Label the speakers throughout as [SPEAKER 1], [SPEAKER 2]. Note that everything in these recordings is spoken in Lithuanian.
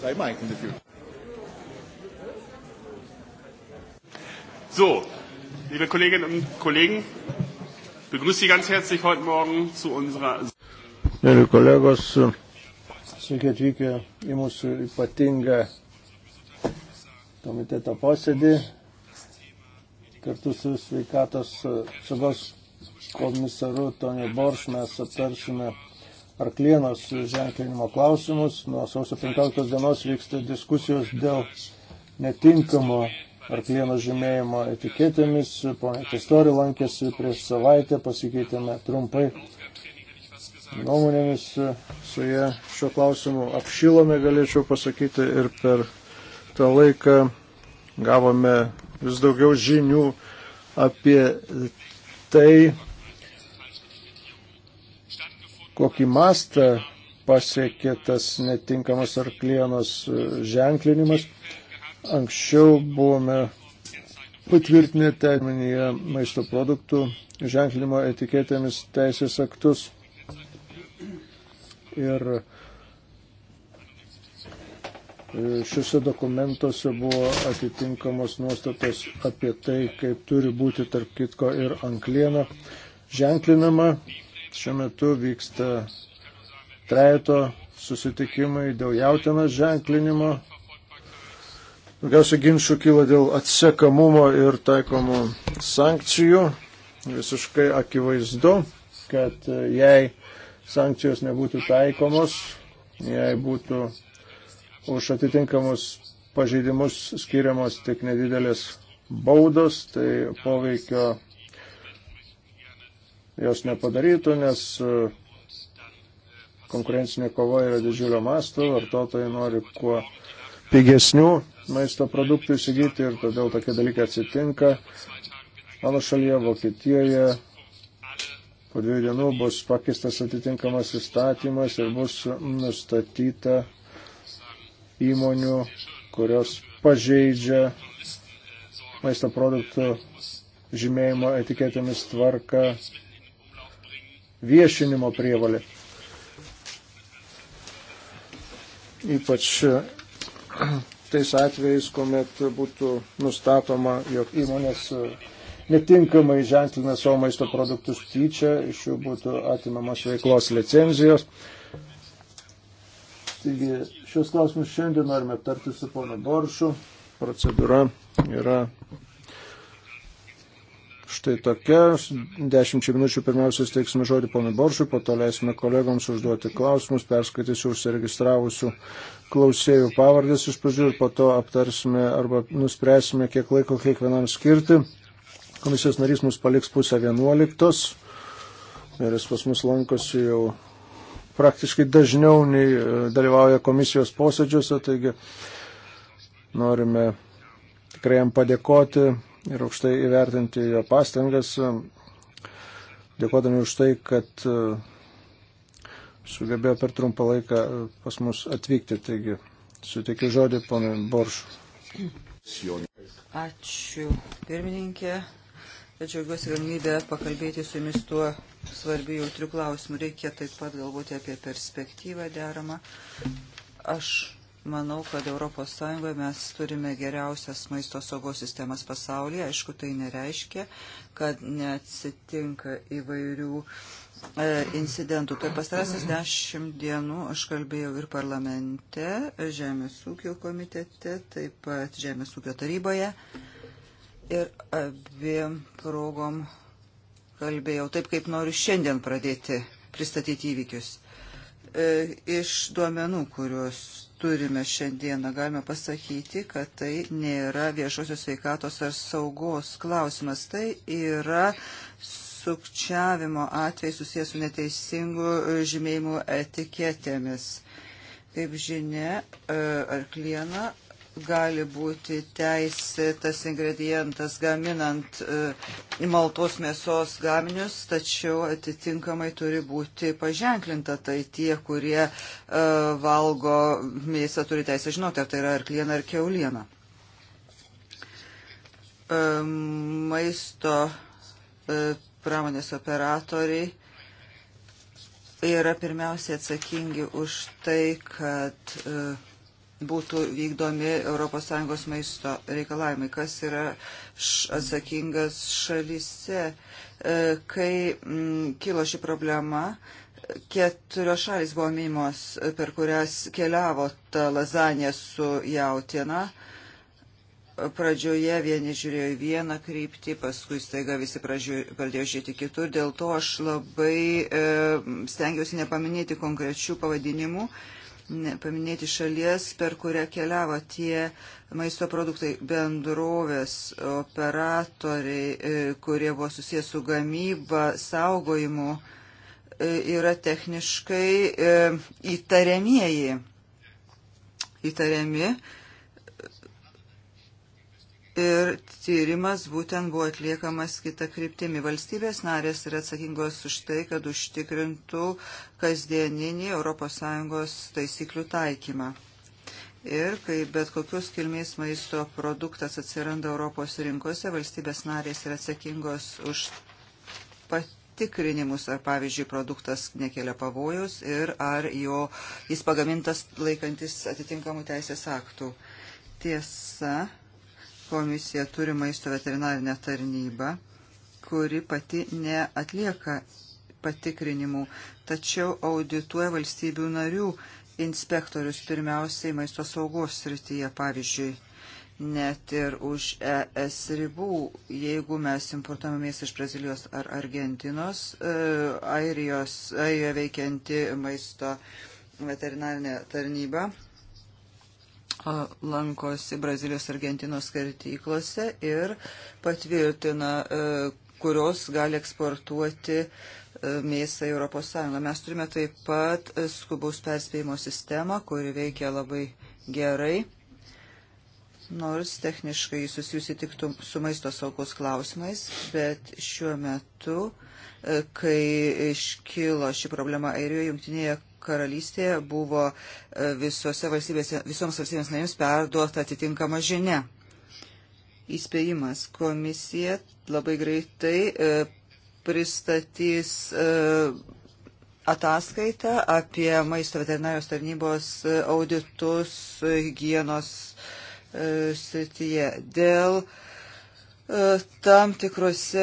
[SPEAKER 1] Sei mal in the future.
[SPEAKER 2] So, liebe Kolleginnen und Kollegen, ich begrüße Sie ganz herzlich heute Morgen zu unserer.
[SPEAKER 3] Mėly kolegos, sveiki atvykę į mūsų ypatingą komiteto posėdį kartu su sveikatos apsaugos komisaru Toniu Borš mes aptarsime arklienos ženklinimo klausimus. Nuo sausio 15 dienos vyksta diskusijos dėl netinkamo arklienos žymėjimo etiketėmis. Pone Testori lankėsi prieš savaitę, pasikeitėme trumpai nuomonėmis su jie šiuo klausimu apšilome, galėčiau pasakyti, ir per tą laiką gavome vis daugiau žinių apie tai, kokį mastą pasiekė tas netinkamas arklienos e, ženklinimas. Anksčiau buvome patvirtinę terminiją maisto produktų ženklinimo etiketėmis teisės aktus. Ir e, šiuose dokumentuose buvo atitinkamos nuostatos apie tai, kaip turi būti tarp kitko ir anklieną ženklinama Šiuo metu vyksta trejato susitikimai dėl jautienos ženklinimo. Daugiausia ginčių kyla dėl atsekamumo ir taikomų sankcijų. Visiškai akivaizdu, kad jei sankcijos nebūtų taikomos, jei būtų už atitinkamus pažeidimus skiriamos tik nedidelės baudos, tai poveikio jos nepadarytų, nes e, konkurencinė kova yra didžiulio masto, vartotojai nori kuo pigesnių maisto produktų įsigyti ir todėl tokie dalykai atsitinka. Mano šalyje, Vokietijoje, po dviejų dienų bus pakistas atitinkamas įstatymas ir bus nustatyta įmonių, kurios pažeidžia maisto produktų žymėjimo etiketėmis tvarką viešinimo prievalė. Ypač e, tais atvejais, kuomet būtų nustatoma, jog įmonės e, netinkamai ženklina savo maisto produktus tyčia, iš jų būtų atimamos veiklos licenzijos. Taigi šios klausimus šiandien norime aptarti su pono Boršu. Procedūra yra štai tokia. Dešimčia minučių pirmiausia steiksime žodį ponui Boršui, po to leisime kolegoms užduoti klausimus, perskaitysiu užsiregistravusių klausėjų pavardės iš pradžių ir po to aptarsime arba nuspręsime, kiek laiko kiekvienam skirti. Komisijos narys mus paliks pusę vienuoliktos ir jis pas mus lankosi jau praktiškai dažniau nei e, dalyvauja komisijos posėdžiuose, taigi norime tikrai jam padėkoti ir aukštai įvertinti jo pastangas, dėkodami už tai, kad e, sugebėjo per trumpą laiką e, pas mus atvykti. Taigi, suteikiu žodį ponui Boršui.
[SPEAKER 2] Ačiū, pirmininkė. Aš džiaugiuosi galimybę pakalbėti su jumis tuo svarbiu jautriu klausimu. Reikia taip pat galvoti apie perspektyvą deramą. Aš Manau, kad ES mes turime geriausias maisto saugos sistemas pasaulyje. Aišku, tai nereiškia, kad neatsitinka įvairių e, incidentų. Per pastarasis dešimt dienų aš kalbėjau ir parlamente, Žemės ūkio komitete, taip pat Žemės ūkio taryboje. Ir abiem progom kalbėjau taip, kaip noriu šiandien pradėti pristatyti įvykius. E, iš duomenų, kuriuos turime šiandieną. Galime pasakyti, kad tai nėra viešosios sveikatos ar saugos klausimas. Tai yra sukčiavimo atvejai susijęs su neteisingu žymėjimu etiketėmis. Kaip žinia, e, arklieną gali būti teisėtas ingredientas gaminant e, maltos mėsos gaminius, tačiau atitinkamai turi būti paženklinta. Tai tie, kurie e, valgo mėsą, turi teisę žinoti, ar tai yra arkliena ar keuliena. E, maisto pramonės operatoriai yra pirmiausiai atsakingi už tai, kad uh, būtų vykdomi ES maisto reikalavimai, kas yra atsakingas šalyse. E, kai mm, kilo ši problema, keturios šalis buvo minimos, per kurias keliavo ta lazanė su jautina. Pradžioje vieni žiūrėjo į vieną kryptį, paskui staiga visi pradėjo žiūrėti kitur. Dėl to aš labai e, stengiausi nepaminėti konkrečių pavadinimų. E, paminėti šalies, per kurią keliavo tie maisto produktai bendrovės, operatoriai, e, kurie buvo susijęs su gamyba, saugojimu, e, yra techniškai e, įtariamieji. Įtariami Ir tyrimas būtent buvo atliekamas kita kryptimi. Valstybės narės yra atsakingos už tai, kad užtikrintų kasdieninį ES taisyklių taikymą. Ir kai bet kokios kilmės maisto produktas atsiranda Europos rinkose, valstybės narės yra atsakingos už patikrinimus, ar pavyzdžiui produktas nekelia pavojus ir ar jo jis pagamintas laikantis atitinkamų teisės aktų. Tiesa, Komisija turi maisto veterinarinę tarnybą, kuri pati neatlieka patikrinimų, tačiau audituoja valstybių narių inspektorius pirmiausiai maisto saugos srityje, pavyzdžiui, net ir už ES ribų, jeigu mes importuojame mėsą iš Brazilijos ar Argentinos, e, Airijos, Airijoje veikianti maisto veterinarinė tarnyba lankosi Brazilijos Argentinos skirtyklose ir patvirtina, e, kurios gali eksportuoti e, mėsą į Europos Sąjungą. Mes turime taip pat e, skubaus perspėjimo sistemą, kuri veikia labai gerai, nors techniškai susijusi tik su maisto saugos klausimais, bet šiuo metu, kai iškilo ši problema Airijoje, jungtinėje karalystėje buvo e, visose valstybėse, visoms valstybėms narėms perduota atitinkama žinia. Įspėjimas. Komisija labai greitai e, pristatys e, ataskaitą apie maisto veterinarijos tarnybos auditus hygienos srityje dėl tam tikrose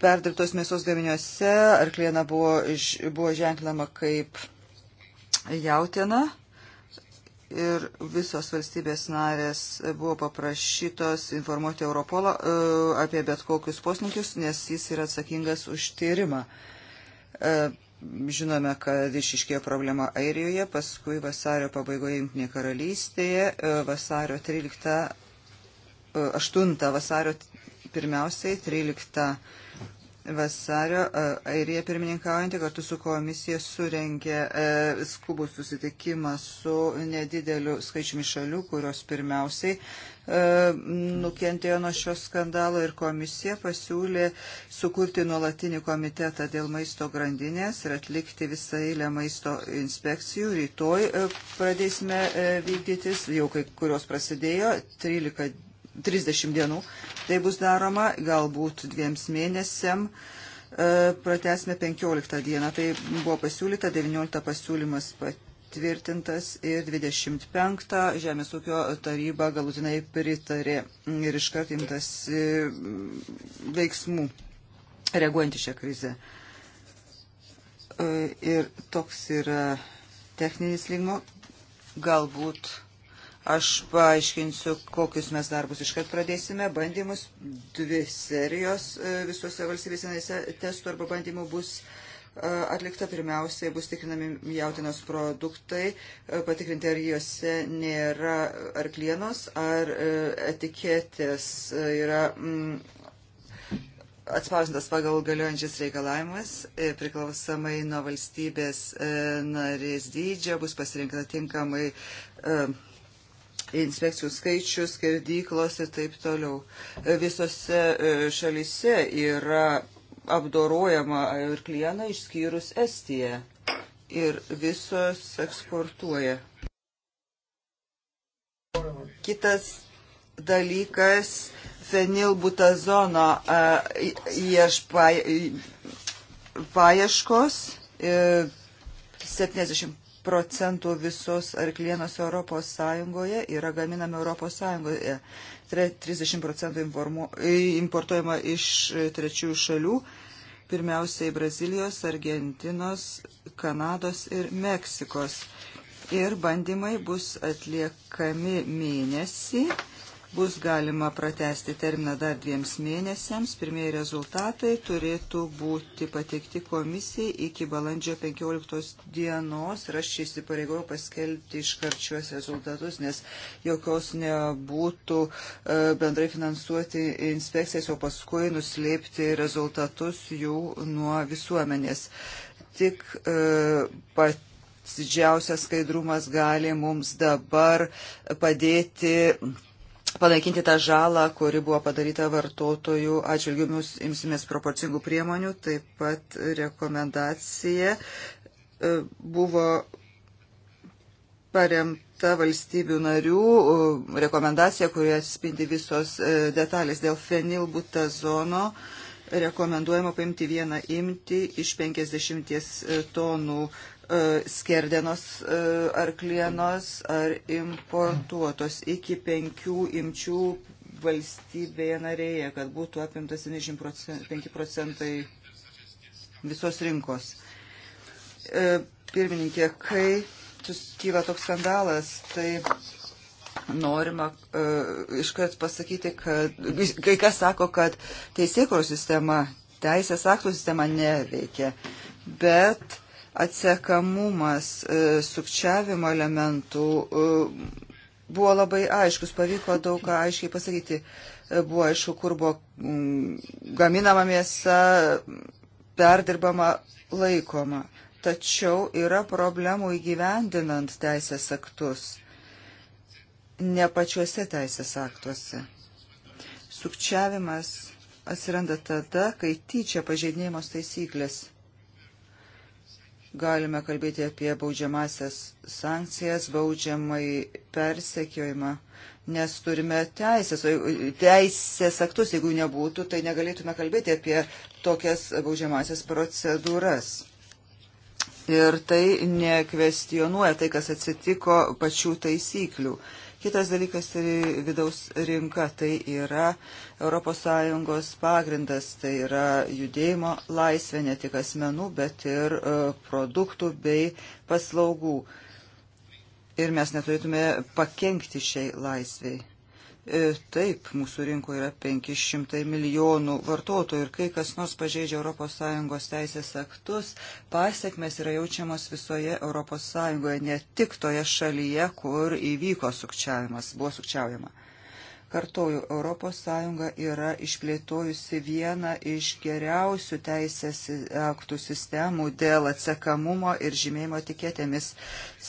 [SPEAKER 2] perdirbtos mėsos gaminiuose arkliena buvo, buvo ženklinama kaip jautiena ir visos valstybės narės buvo paprašytos informuoti Europolą apie bet kokius poslinkius, nes jis yra atsakingas už tyrimą. Žinome, kad išiškėjo problema Airijoje, paskui vasario pabaigoje Junktinėje karalystėje, vasario 13, 8 vasario Pirmiausiai 13 vasario e, Airija pirmininkaujantį kartu su komisija surengė e, skubų susitikimą su nedideliu skaičiumi šalių, kurios pirmiausiai e, nukentėjo nuo šio skandalo ir komisija pasiūlė sukurti nuolatinį komitetą dėl maisto grandinės ir atlikti visą eilę maisto inspekcijų. Rytoj pradėsime vykdytis, jau kai kurios prasidėjo, 13 30 dienų. Tai bus daroma galbūt dviems mėnesiam. E, Pratesime 15 dieną. Tai buvo pasiūlyta, 19 pasiūlymas patvirtintas ir 25 Žemės ūkio taryba galutinai pritarė ir iškart imtas e, veiksmų reaguojant į šią krizę. E, ir toks yra techninis lygmo. Galbūt Aš paaiškinsiu, kokius mes darbus iškart pradėsime. Bandymus dvi serijos e, visose valstybėse narėse testų arba bandymų bus e, atlikta. Pirmiausiai bus tikrinami jautinos produktai, e, patikrinti ar juose nėra arklienos, ar etiketės yra mm, atspausintas pagal galiojančias reikalavimas, priklausomai nuo valstybės narės dydžio, bus pasirinkta tinkamai uh, inspekcijų skaičius, skerdyklos ir taip toliau. E, visose e, šalyse yra apdorojama ir kliena išskyrus Estiją ir visos eksportuoja. Kitas dalykas fenilbutazono e, paieškos 70 procentų visos arklienos Europos Sąjungoje yra gaminama Europos Sąjungoje. Tai 30 procentų importuojama iš e, trečiųjų šalių, pirmiausiai Brazilijos, Argentinos, Kanados ir Meksikos. Ir bandymai bus atliekami mėnesį bus galima pratesti terminą dar dviems mėnesiams. Pirmieji rezultatai turėtų būti pateikti komisijai iki balandžio 15 dienos ir aš įsipareigojau paskelbti iškart šiuos rezultatus, nes jokios nebūtų e, bendrai finansuoti inspekcijas, o paskui nuslėpti rezultatus jų nuo visuomenės. Tik e, pat didžiausias skaidrumas gali mums dabar padėti panaikinti tą žalą, kuri buvo padaryta vartotojų atžvilgių. Mes imsimės proporcingų priemonių, taip pat rekomendacija e, buvo paremta valstybių narių e, rekomendacija, kurioje spindi visos e, detalės dėl fenilbutazono. Rekomenduojama paimti vieną imti iš 50 tonų E, skerdenos e, arklienos ar importuotos iki penkių imčių valstybėje narėje, kad būtų apimtas 75 procentai visos rinkos. E, pirmininkė, kai kyla toks skandalas, tai norima uh, iškart pasakyti, kad kai kas sako, kad teisėkros sistema, teisės aktų sistema neveikia, bet atsekamumas e, sukčiavimo elementų e, buvo labai aiškus, pavyko daug ką aiškiai pasakyti. E, buvo aišku, kur buvo mm, gaminama mėsa, perdirbama, laikoma. Tačiau yra problemų įgyvendinant teisės aktus, ne pačiuose teisės aktuose. Sukčiavimas atsiranda tada, kai tyčia pažeidinėjimos taisyklės Galime kalbėti apie baudžiamasias sankcijas, baudžiamai persekiojimą, nes turime teisės, teisės aktus, jeigu nebūtų, tai negalėtume kalbėti apie tokias baudžiamasias procedūras. Ir tai nekvestionuoja tai, kas atsitiko pačių taisyklių. Kitas dalykas tai vidaus rinka, tai yra ES pagrindas, tai yra judėjimo laisvė ne tik asmenų, bet ir e, produktų bei paslaugų. Ir mes neturėtume pakengti šiai laisviai. E, taip, mūsų rinkoje yra 500 milijonų vartotojų ir kai kas nors pažeidžia ES teisės aktus, pasiekmes yra jaučiamos visoje ES, ne tik toje šalyje, kur įvyko sukčiavimas, buvo sukčiaujama. Kartoju, ES yra išplėtojusi vieną iš geriausių teisės aktų sistemų dėl atsekamumo ir žymėjimo tikėtėmis.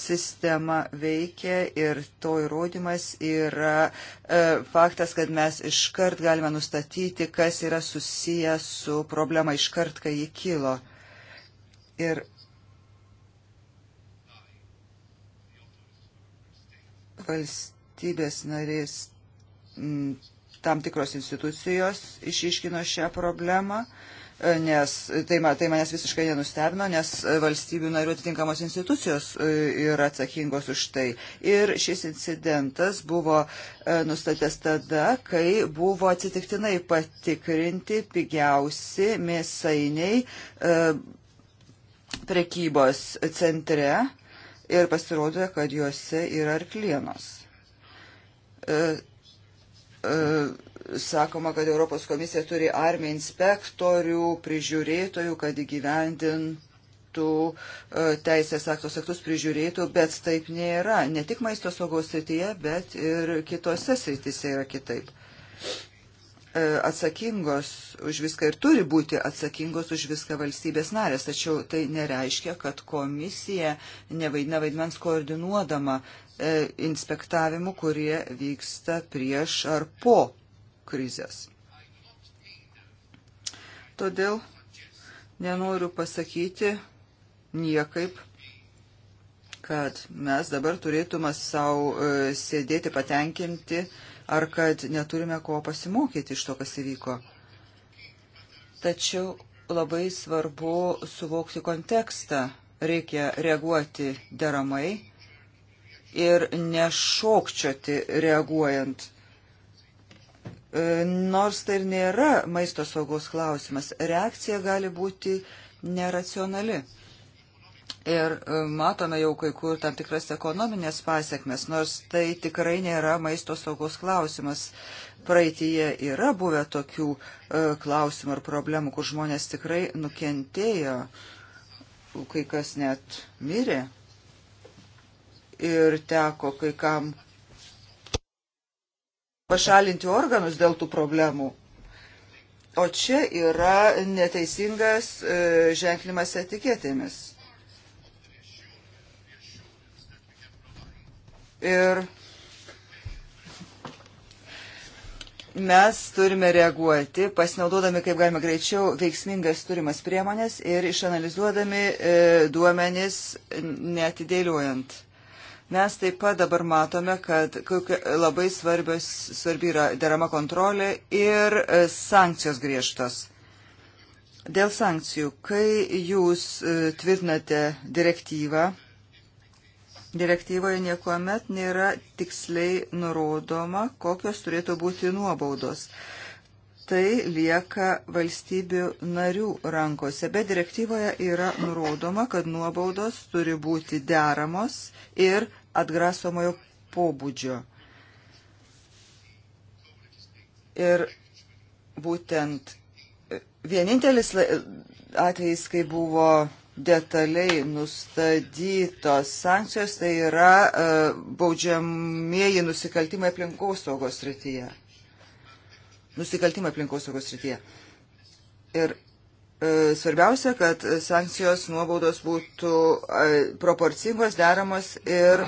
[SPEAKER 2] Sistema veikia ir to įrodymas yra e, faktas, kad mes iškart galime nustatyti, kas yra susijęs su problema iškart, kai ji kilo. Ir valstybės narės tam tikros institucijos išiškino šią problemą e, nes tai, tai manęs visiškai nenustebino, nes valstybių narių atitinkamos institucijos e, yra atsakingos už tai. Ir šis incidentas buvo e, nustatęs tada, kai buvo atsitiktinai patikrinti pigiausi mėsainiai prekybos centre ir pasirodė, kad juose yra arklienos E, sakoma, kad Europos komisija turi armiją inspektorių, prižiūrėtojų, kad įgyvendintų e, teisės aktos aktus prižiūrėtų, bet taip nėra. Ne tik maisto saugos srityje, bet ir kitose srityse yra kitaip. E, atsakingos už viską ir turi būti atsakingos už viską valstybės narės, tačiau tai nereiškia, kad komisija nevaidina vaidmens koordinuodama E, inspektavimų, kurie vyksta prieš ar po krizės. Todėl nenoriu pasakyti niekaip, kad mes dabar turėtume savo e, sėdėti patenkinti ar kad neturime ko pasimokyti iš to, kas įvyko. Tačiau labai svarbu suvokti kontekstą, reikia reaguoti deramai ir nešokčioti reaguojant. E, nors tai ir nėra maisto saugos klausimas, reakcija gali būti neracionali. Ir e, matome jau kai kur tam tikras ekonominės pasiekmes, nors tai tikrai nėra maisto saugos klausimas. Praeitie yra buvę tokių e, klausimų ir problemų, kur žmonės tikrai nukentėjo, kai kas net mirė ir teko kai kam pašalinti organus dėl tų problemų. O čia yra neteisingas e, ženklimas etiketėmis. Ir mes turime reaguoti, pasinaudodami kaip galima greičiau veiksmingas turimas priemonės ir išanalizuodami e, duomenis netidėliuojant. Mes taip pat dabar matome, kad labai svarbios, svarbi yra derama kontrolė ir e, sankcijos griežtos. Dėl sankcijų, kai jūs e, tvirtinate direktyvą, direktyvoje niekuomet nėra tiksliai nurodoma, kokios turėtų būti nuobaudos tai lieka valstybių narių rankose. Bet direktyvoje yra nurodoma, kad nuobaudos turi būti deramos ir atgrasomojo pobūdžio. Ir būtent vienintelis atvejis, kai buvo detaliai nustatytos sankcijos, tai yra e, baudžiamieji nusikaltimai aplinkos saugos srityje. Nusikaltimai aplinkos saugos srityje. Ir E, svarbiausia, kad sankcijos nuobaudos būtų e, proporcingos, deramos ir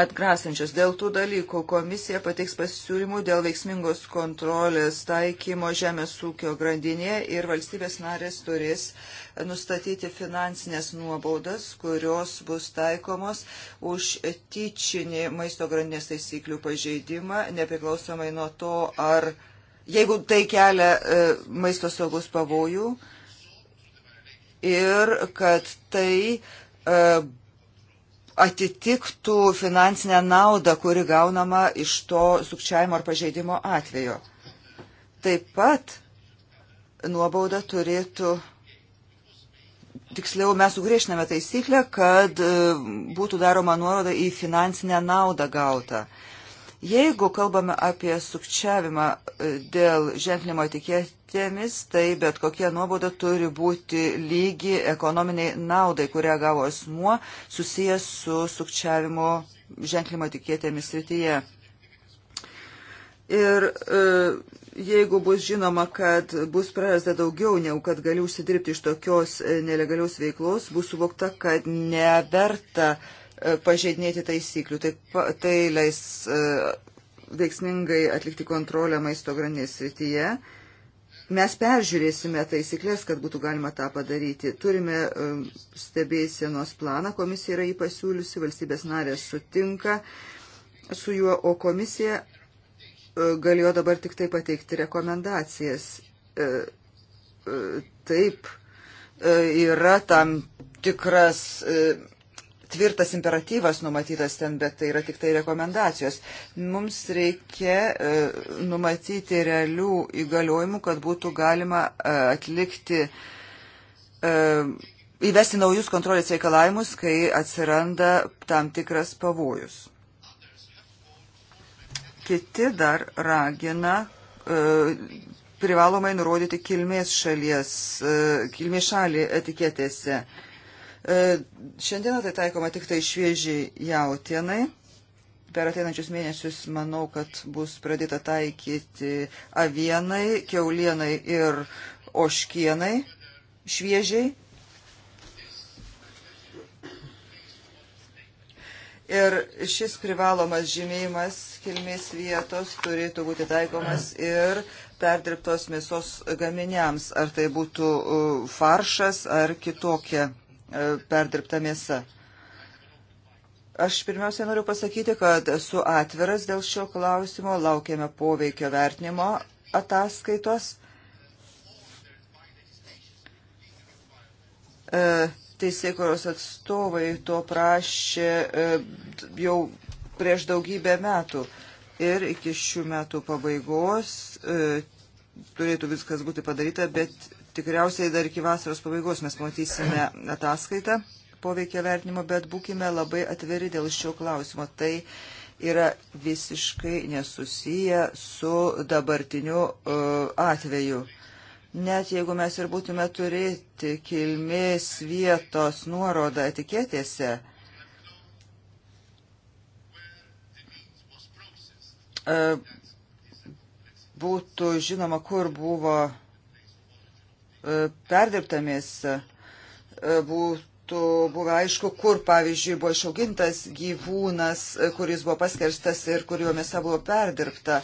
[SPEAKER 2] atgrasančios. Dėl tų dalykų komisija pateiks pasiūlymų dėl veiksmingos kontrolės taikymo žemės ūkio grandinėje ir valstybės narės turės nustatyti finansinės nuobaudas, kurios bus taikomos už tyčinį maisto grandinės taisyklių pažeidimą, nepriklausomai nuo to, ar jeigu tai kelia e, maisto saugus pavojų. E, ir kad tai e, atitiktų finansinę naudą, kuri gaunama iš to sukčiavimo ar pažeidimo atvejo. Taip pat nuobauda turėtų, tiksliau mes sugriešiname taisyklę, kad e, būtų daroma nuoroda į finansinę naudą gautą. Jeigu kalbame apie sukčiavimą e, dėl ženklimo etiketėmis, tai bet kokia nuoboda turi būti lygi ekonominiai naudai, kurią gavo asmuo susijęs su sukčiavimo ženklimo etiketėmis srityje. Ir e, jeigu bus žinoma, kad bus prarasta daugiau, negu kad gali užsidirbti iš tokios e, nelegalios veiklos, bus suvokta, kad neverta uh, E, pažeidinėti taisyklių. Tai, tai leis e, veiksmingai atlikti kontrolę maisto grandinės srityje. Mes peržiūrėsime taisyklės, kad būtų galima tą padaryti. Turime e, stebėsienos planą, komisija yra jį pasiūliusi, valstybės narės sutinka su juo, o komisija galėjo dabar tik tai pateikti rekomendacijas. Taip, yra tam tikras tvirtas imperatyvas numatytas ten, bet tai yra tik tai rekomendacijos. Mums reikia e, numatyti realių įgaliojimų, kad būtų galima e, atlikti, e, įvesti naujus kontrolės reikalavimus, kai atsiranda tam tikras pavojus. Kiti dar ragina e, privalomai nurodyti kilmės šalies, e, kilmės šalį etiketėse. E, šiandieną tai taikoma tik tai šviežiai jautienai. Per ateinančius mėnesius manau, kad bus pradėta taikyti avienai, keulienai ir oškienai šviežiai. Ir šis privalomas žymėjimas kilmės vietos turėtų būti taikomas ir perdirbtos mėsos gaminiams, ar tai būtų e, faršas ar kitokia E, perdirbta mėsa. Aš pirmiausia noriu pasakyti, kad esu atviras dėl šio klausimo, laukiame poveikio vertinimo ataskaitos. E, teisėkuros atstovai to prašė e, jau prieš daugybę metų ir iki šių metų pabaigos turėtų viskas būti padaryta, bet Tikriausiai dar iki vasaros pabaigos mes matysime ataskaitą poveikio vertinimo, bet būkime labai atviri dėl šio klausimo. Tai yra visiškai nesusiję su dabartiniu uh, atveju. Net jeigu mes ir būtume turėti kilmės vietos nuorodą etiketėse, uh, būtų žinoma, kur buvo E, perdirbta mėsa. E, būtų buvę aišku, kur, pavyzdžiui, buvo išaugintas gyvūnas, e, kuris buvo paskerstas ir kurio mėsa buvo perdirbta.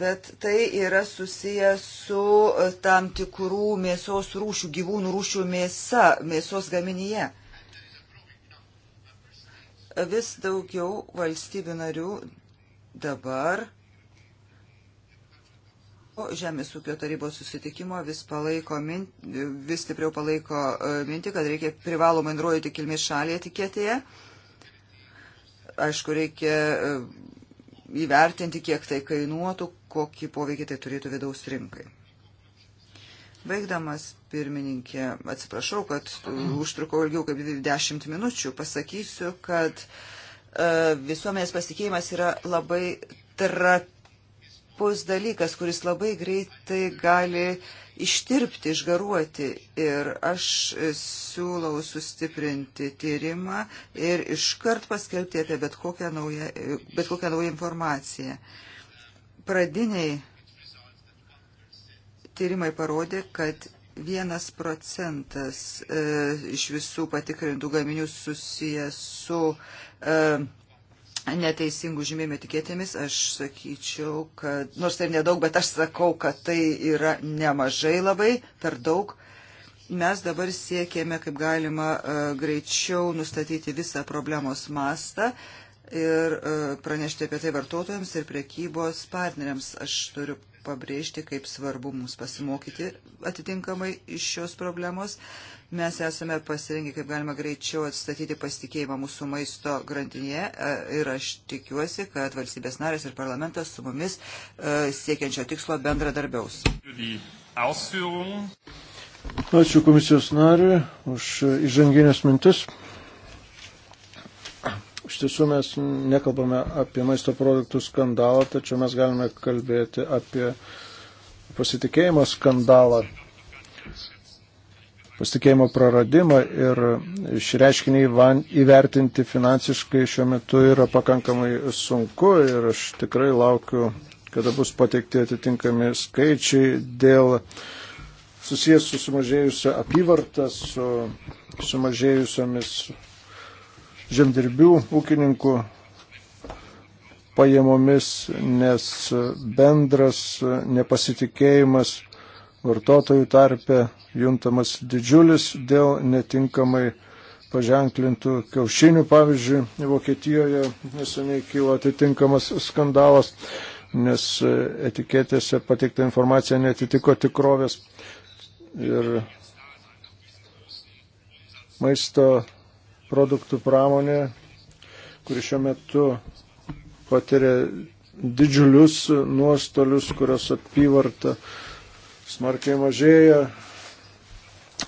[SPEAKER 2] Bet tai yra susijęs su tam tikrų mėsos rūšių, gyvūnų rūšių mėsa, mėsos gaminyje. Vis daugiau valstybių narių dabar Po Žemės ūkio tarybos susitikimo vis, palaiko, vis stipriau palaiko e, minti, kad reikia privalomai nurodyti kilmės šalį etiketėje. Aišku, reikia e, įvertinti, kiek tai kainuotų, kokį poveikį tai turėtų vidaus rinkai. Baigdamas, pirmininkė, atsiprašau, kad užtrukau ilgiau kaip 20 minučių, pasakysiu, kad e, visuomenės pasikeitimas yra labai trapi trapus dalykas, kuris labai greitai gali ištirpti, išgaruoti. Ir aš siūlau sustiprinti tyrimą ir iškart paskelbti apie bet kokią naują, bet kokią naują informaciją. Pradiniai tyrimai parodė, kad vienas procentas e, iš visų patikrintų gaminių susijęs su e, neteisingų žymėjimų etiketėmis, aš sakyčiau, kad, nors ir tai nedaug, bet aš sakau, kad tai yra nemažai labai, per daug. Mes dabar siekėme, kaip galima e, greičiau nustatyti visą problemos mastą ir e, pranešti apie tai vartotojams ir prekybos partneriams. Aš turiu pabrėžti, kaip svarbu mums pasimokyti atitinkamai iš šios problemos. Mes esame pasirengę, kaip galima greičiau atstatyti pasitikėjimą mūsų maisto grandinėje e, ir aš tikiuosi, kad valstybės narės ir parlamentas su mumis e, siekiančio tikslo bendradarbiaus.
[SPEAKER 3] Ačiū komisijos nariui už įžanginės mintis. Iš tiesų mes nekalbame apie maisto produktų skandalą, tačiau mes galime kalbėti apie pasitikėjimo skandalą, pasitikėjimo praradimą ir šį reiškinį įvertinti finansiškai šiuo metu yra pakankamai sunku ir aš tikrai laukiu, kada bus pateikti atitinkami skaičiai dėl susijęs su sumažėjusią apyvartą, su sumažėjusiomis žemdirbių ūkininkų pajamomis, nes bendras nepasitikėjimas vartotojų tarpe juntamas didžiulis dėl netinkamai paženklintų kiaušinių. Pavyzdžiui, Vokietijoje neseniai kilo atitinkamas skandalas, nes etiketėse pateikta informacija netitiko tikrovės ir maisto produktų pramonė, kuri šiuo metu patiria didžiulius nuostolius, kurios apyvarta smarkiai mažėja.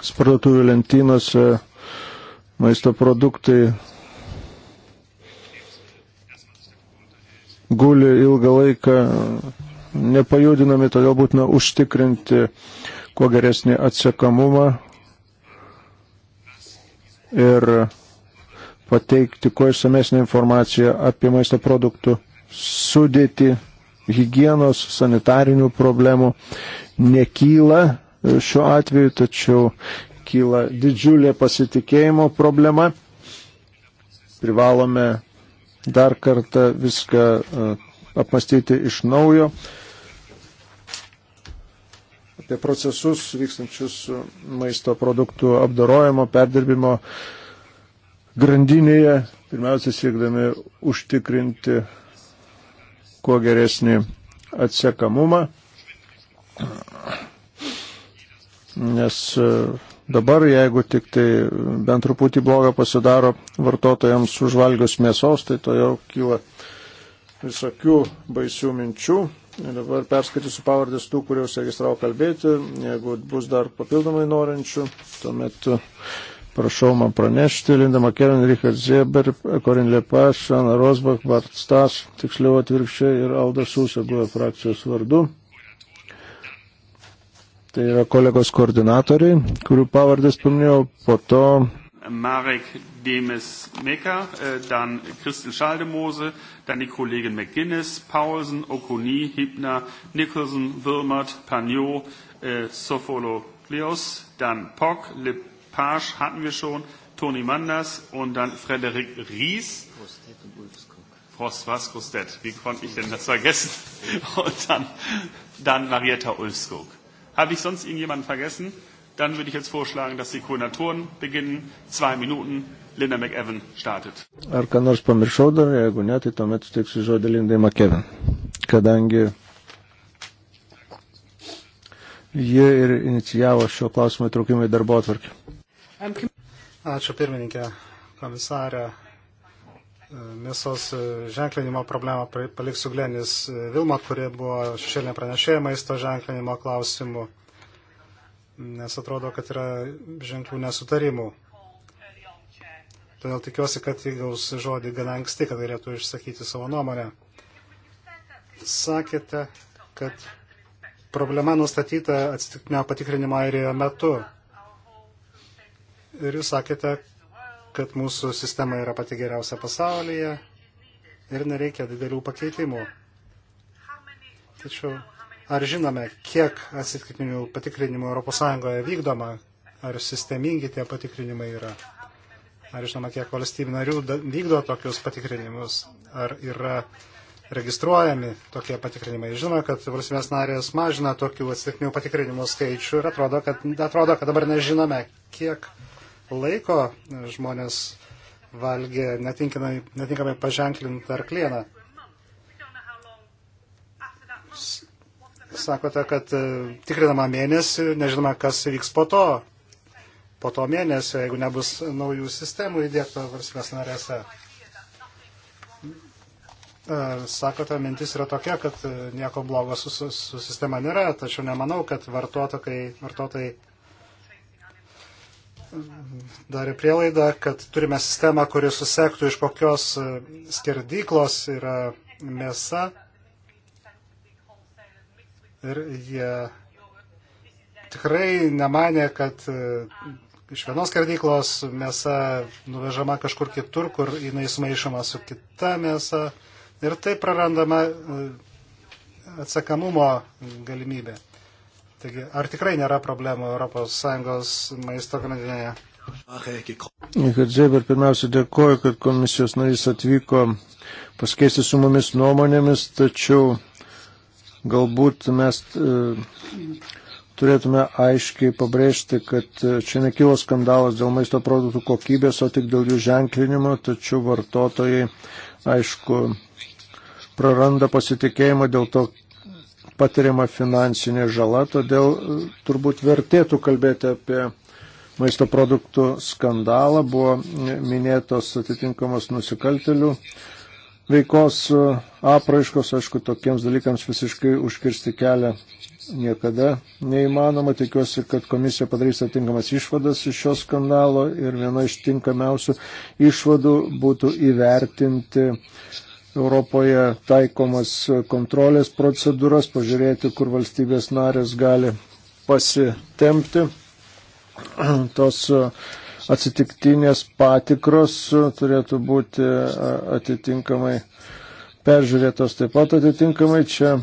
[SPEAKER 3] Spartuvių lentynose maisto produktai guli ilgą laiką nepajudinami, todėl būtina užtikrinti kuo geresnį atsekamumą ir pateikti kuo išsamesnį informaciją apie maisto produktų sudėti, hygienos, sanitarinių problemų nekyla e, šiuo atveju, tačiau kyla didžiulė pasitikėjimo problema. Privalome dar kartą viską e, apmastyti iš naujo apie procesus vykstančius maisto produktų apdarojimo, perdirbimo, uh, grandinėje, pirmiausia siekdami užtikrinti kuo geresnį atsekamumą, nes e, Dabar, jeigu tik tai bent truputį blogą pasidaro vartotojams užvalgius mėsos, tai to jau kyla visokių baisių minčių. Ir dabar perskaitysiu pavardės tų, kuriuos registravo kalbėti. Jeigu bus dar papildomai norinčių, tuomet Prašau man pranešti, Linda Makerin, Richard Zeber, Korin Lepas, Ana Rosbach, Bart Stas, tiksliau atvirkščiai ir Aldas Susa buvo frakcijos vardu. Tai yra kolegos koordinatoriai, kurių pavardės paminėjau, po to
[SPEAKER 1] Marek Demes-Mecker, äh, dann Christian Schaldemose, dann die Kollegin McGuinness, Paulsen, Okuni, Hibner, Nicholson, Wilmert, Pagnot, äh, Sofolo Leos, dann Pock, Lip Page hatten wir schon, Toni Manders und dann Frederik Ries. François Grostet. Wie konnte ich denn das vergessen? Und dann, dann Marietta Ulfskog. Habe ich sonst irgendjemanden vergessen? Dann würde ich jetzt vorschlagen,
[SPEAKER 2] dass die Koordinatoren beginnen. Zwei Minuten. Linda McEwan startet.
[SPEAKER 3] Ar ką nors pamiršau dar, jeigu ne, tai tuomet suteiksiu žodį Lindai McEwan. Kadangi jie ir inicijavo šio klausimo įtraukimą į darbo atvarkį.
[SPEAKER 1] Ačiū pirmininkė, komisarė. Mėsos ženklinimo problemą paliksiu Glenis Vilma, kuri buvo šešėlinė pranešėja maisto ženklinimo klausimų, nes atrodo, kad yra ženklių nesutarimų. Todėl tikiuosi, kad įgaus žodį gana anksti, kad galėtų išsakyti savo nuomonę. Sakėte, kad problema nustatyta atsitiktinio patikrinimo airijoje metu ir jūs sakėte, kad mūsų sistema yra pati geriausia pasaulyje ir nereikia didelių pakeitimų. Tačiau ar žinome, kiek atsitiktinių patikrinimų ES vykdoma, ar sistemingi tie patikrinimai yra? Ar žinoma, kiek valstybių narių vykdo tokius patikrinimus? Ar yra registruojami tokie patikrinimai? Žinoma, kad valstybės narės mažina tokių atsitiktinių patikrinimų skaičių ir atrodo kad, atrodo, kad dabar nežinome, kiek laiko žmonės valgė netinkamai, netinkamai paženklintą arklieną. Sakote, kad e, tikrinama mėnesį, nežinoma, kas vyks po to, po to mėnesio, jeigu nebus naujų sistemų įdėkto valstybės narėse. E, sakote, mintis yra tokia, kad e, nieko blogo su, su, su sistema nėra, tačiau nemanau, kad vartotojai, vartotojai darė prielaidą, kad turime sistemą, kuri susektų iš kokios e, skerdyklos yra mėsa. Ir jie tikrai nemanė, kad e, iš vienos skerdyklos mėsa nuvežama kažkur kitur, kur jinai sumaišoma su kita mėsa. Ir tai prarandama e, atsakamumo galimybė. Taigi, ar tikrai nėra problemų ES maisto grandinėje?
[SPEAKER 3] Hadžeber, pirmiausia, dėkoju, kad komisijos narys atvyko pasikeisti su mumis nuomonėmis, tačiau galbūt mes e, turėtume aiškiai pabrėžti, kad e, čia nekilo skandalas dėl maisto produktų kokybės, o tik dėl jų ženklinimo, tačiau vartotojai, aišku, praranda pasitikėjimą dėl to, patiriama finansinė žala, todėl e, turbūt vertėtų kalbėti apie maisto produktų skandalą. Buvo minėtos atitinkamos nusikaltelių veikos e, apraiškos, aišku, tokiems dalykams visiškai užkirsti kelią niekada neįmanoma. Tikiuosi, kad komisija padarys atinkamas išvadas iš šio skandalo ir viena iš tinkamiausių išvadų būtų įvertinti Europoje taikomas kontrolės procedūras, pažiūrėti, kur valstybės narės gali pasitempti. Tos e, atsitiktinės patikros e, turėtų būti e, atitinkamai peržiūrėtos taip pat atitinkamai. Čia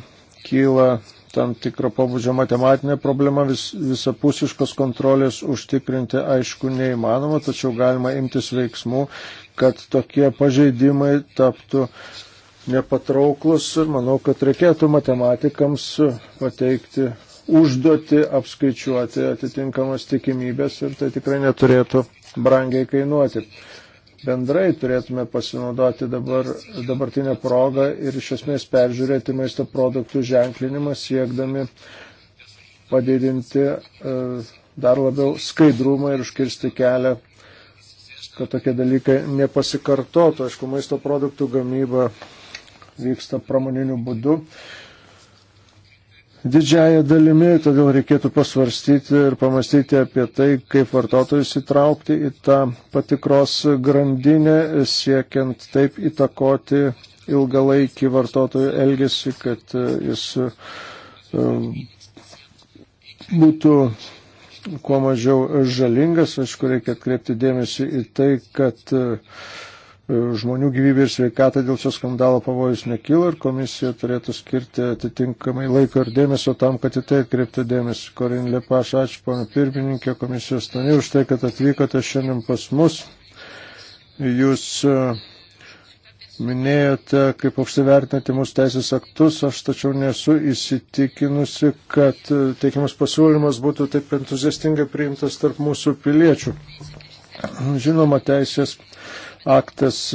[SPEAKER 3] kyla tam tikro pabudžio matematinė problema, vis, visapusiškos kontrolės užtikrinti aišku neįmanoma, tačiau galima imtis veiksmų, kad tokie pažeidimai taptų nepatrauklus ir manau, kad reikėtų matematikams pateikti užduoti, apskaičiuoti atitinkamas tikimybės ir tai tikrai neturėtų brangiai kainuoti. Bendrai turėtume pasinaudoti dabar, dabartinę progą ir iš esmės peržiūrėti maisto produktų ženklinimą, siekdami padidinti e, dar labiau skaidrumą ir užkirsti kelią kad tokie dalykai nepasikartotų. Aišku, maisto produktų gamyba vyksta pramoniniu būdu. Didžiaja dalimi, todėl reikėtų pasvarstyti ir pamastyti apie tai, kaip vartotojus įtraukti į tą patikros grandinę, siekiant taip įtakoti ilgalaikį vartotojų elgesį, kad e, jis e, būtų kuo mažiau žalingas. Aišku, reikia atkreipti dėmesį į tai, kad e, žmonių gyvybė ir sveikata dėl šio skandalo pavojus nekyla ir komisija turėtų skirti atitinkamai laiko ir dėmesio tam, kad į tai atkreiptų dėmesį. Korin Lepaš, ačiū pana pirmininkė, komisijos nariai už tai, kad atvykote šiandien pas mus. Jūs e, minėjote, kaip užsivertinate mūsų teisės aktus, aš tačiau nesu įsitikinusi, kad e, teikiamas pasiūlymas būtų taip entuziastingai priimtas tarp mūsų piliečių. Žinoma, teisės aktas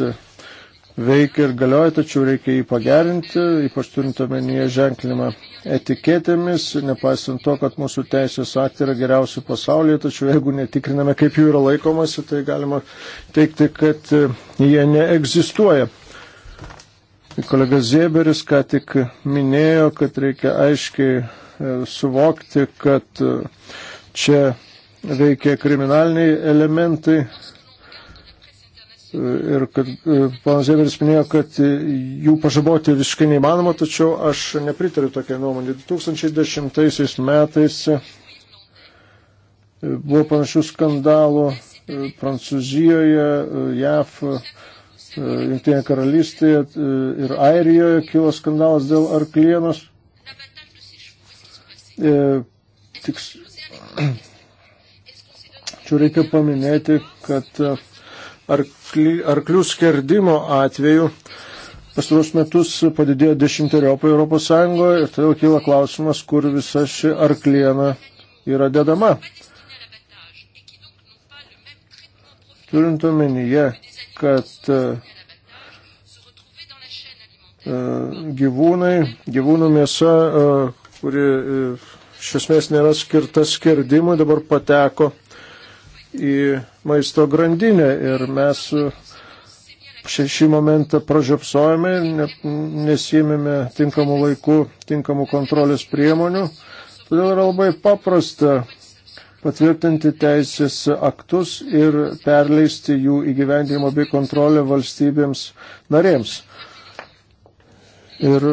[SPEAKER 3] veikia ir galioja, tačiau reikia jį pagerinti, ypač turint omenyje ženklinimą etiketėmis, nepaisant to, kad mūsų teisės aktai yra geriausi pasaulyje, tačiau jeigu netikriname, kaip jų yra laikomasi, tai galima teikti, kad jie neegzistuoja. Kolega Zieberis ką tik minėjo, kad reikia aiškiai e, suvokti, kad e, čia veikia kriminaliniai elementai Ir kad e, panas Zėveris minėjo, kad jų pažaboti visiškai neįmanoma, tačiau aš nepritariu tokiai nuomonė. 2010 metais e, buvo panašių skandalų e, Prancūzijoje, JAF, Junktinėje karalystėje ir Airijoje kilo skandalas dėl arklienos. Tik... Čia reikia paminėti, kad arkli, arklių skerdimo atveju pastarus metus padidėjo dešimteriopai Europos Sąjungoje ir todėl kyla klausimas, kur visa ši arkliena yra dedama. Turint omenyje, kad e, gyvūnai, gyvūnų mėsa, e, kuri e, iš esmės nėra skirta skerdimui, dabar pateko į maisto grandinę ir mes šį momentą pražiopsojame ir nesėmėme tinkamų laikų, tinkamų kontrolės priemonių. Todėl yra labai paprasta patvirtinti teisės aktus ir perleisti jų įgyvendinimo bei kontrolę valstybėms narėms ir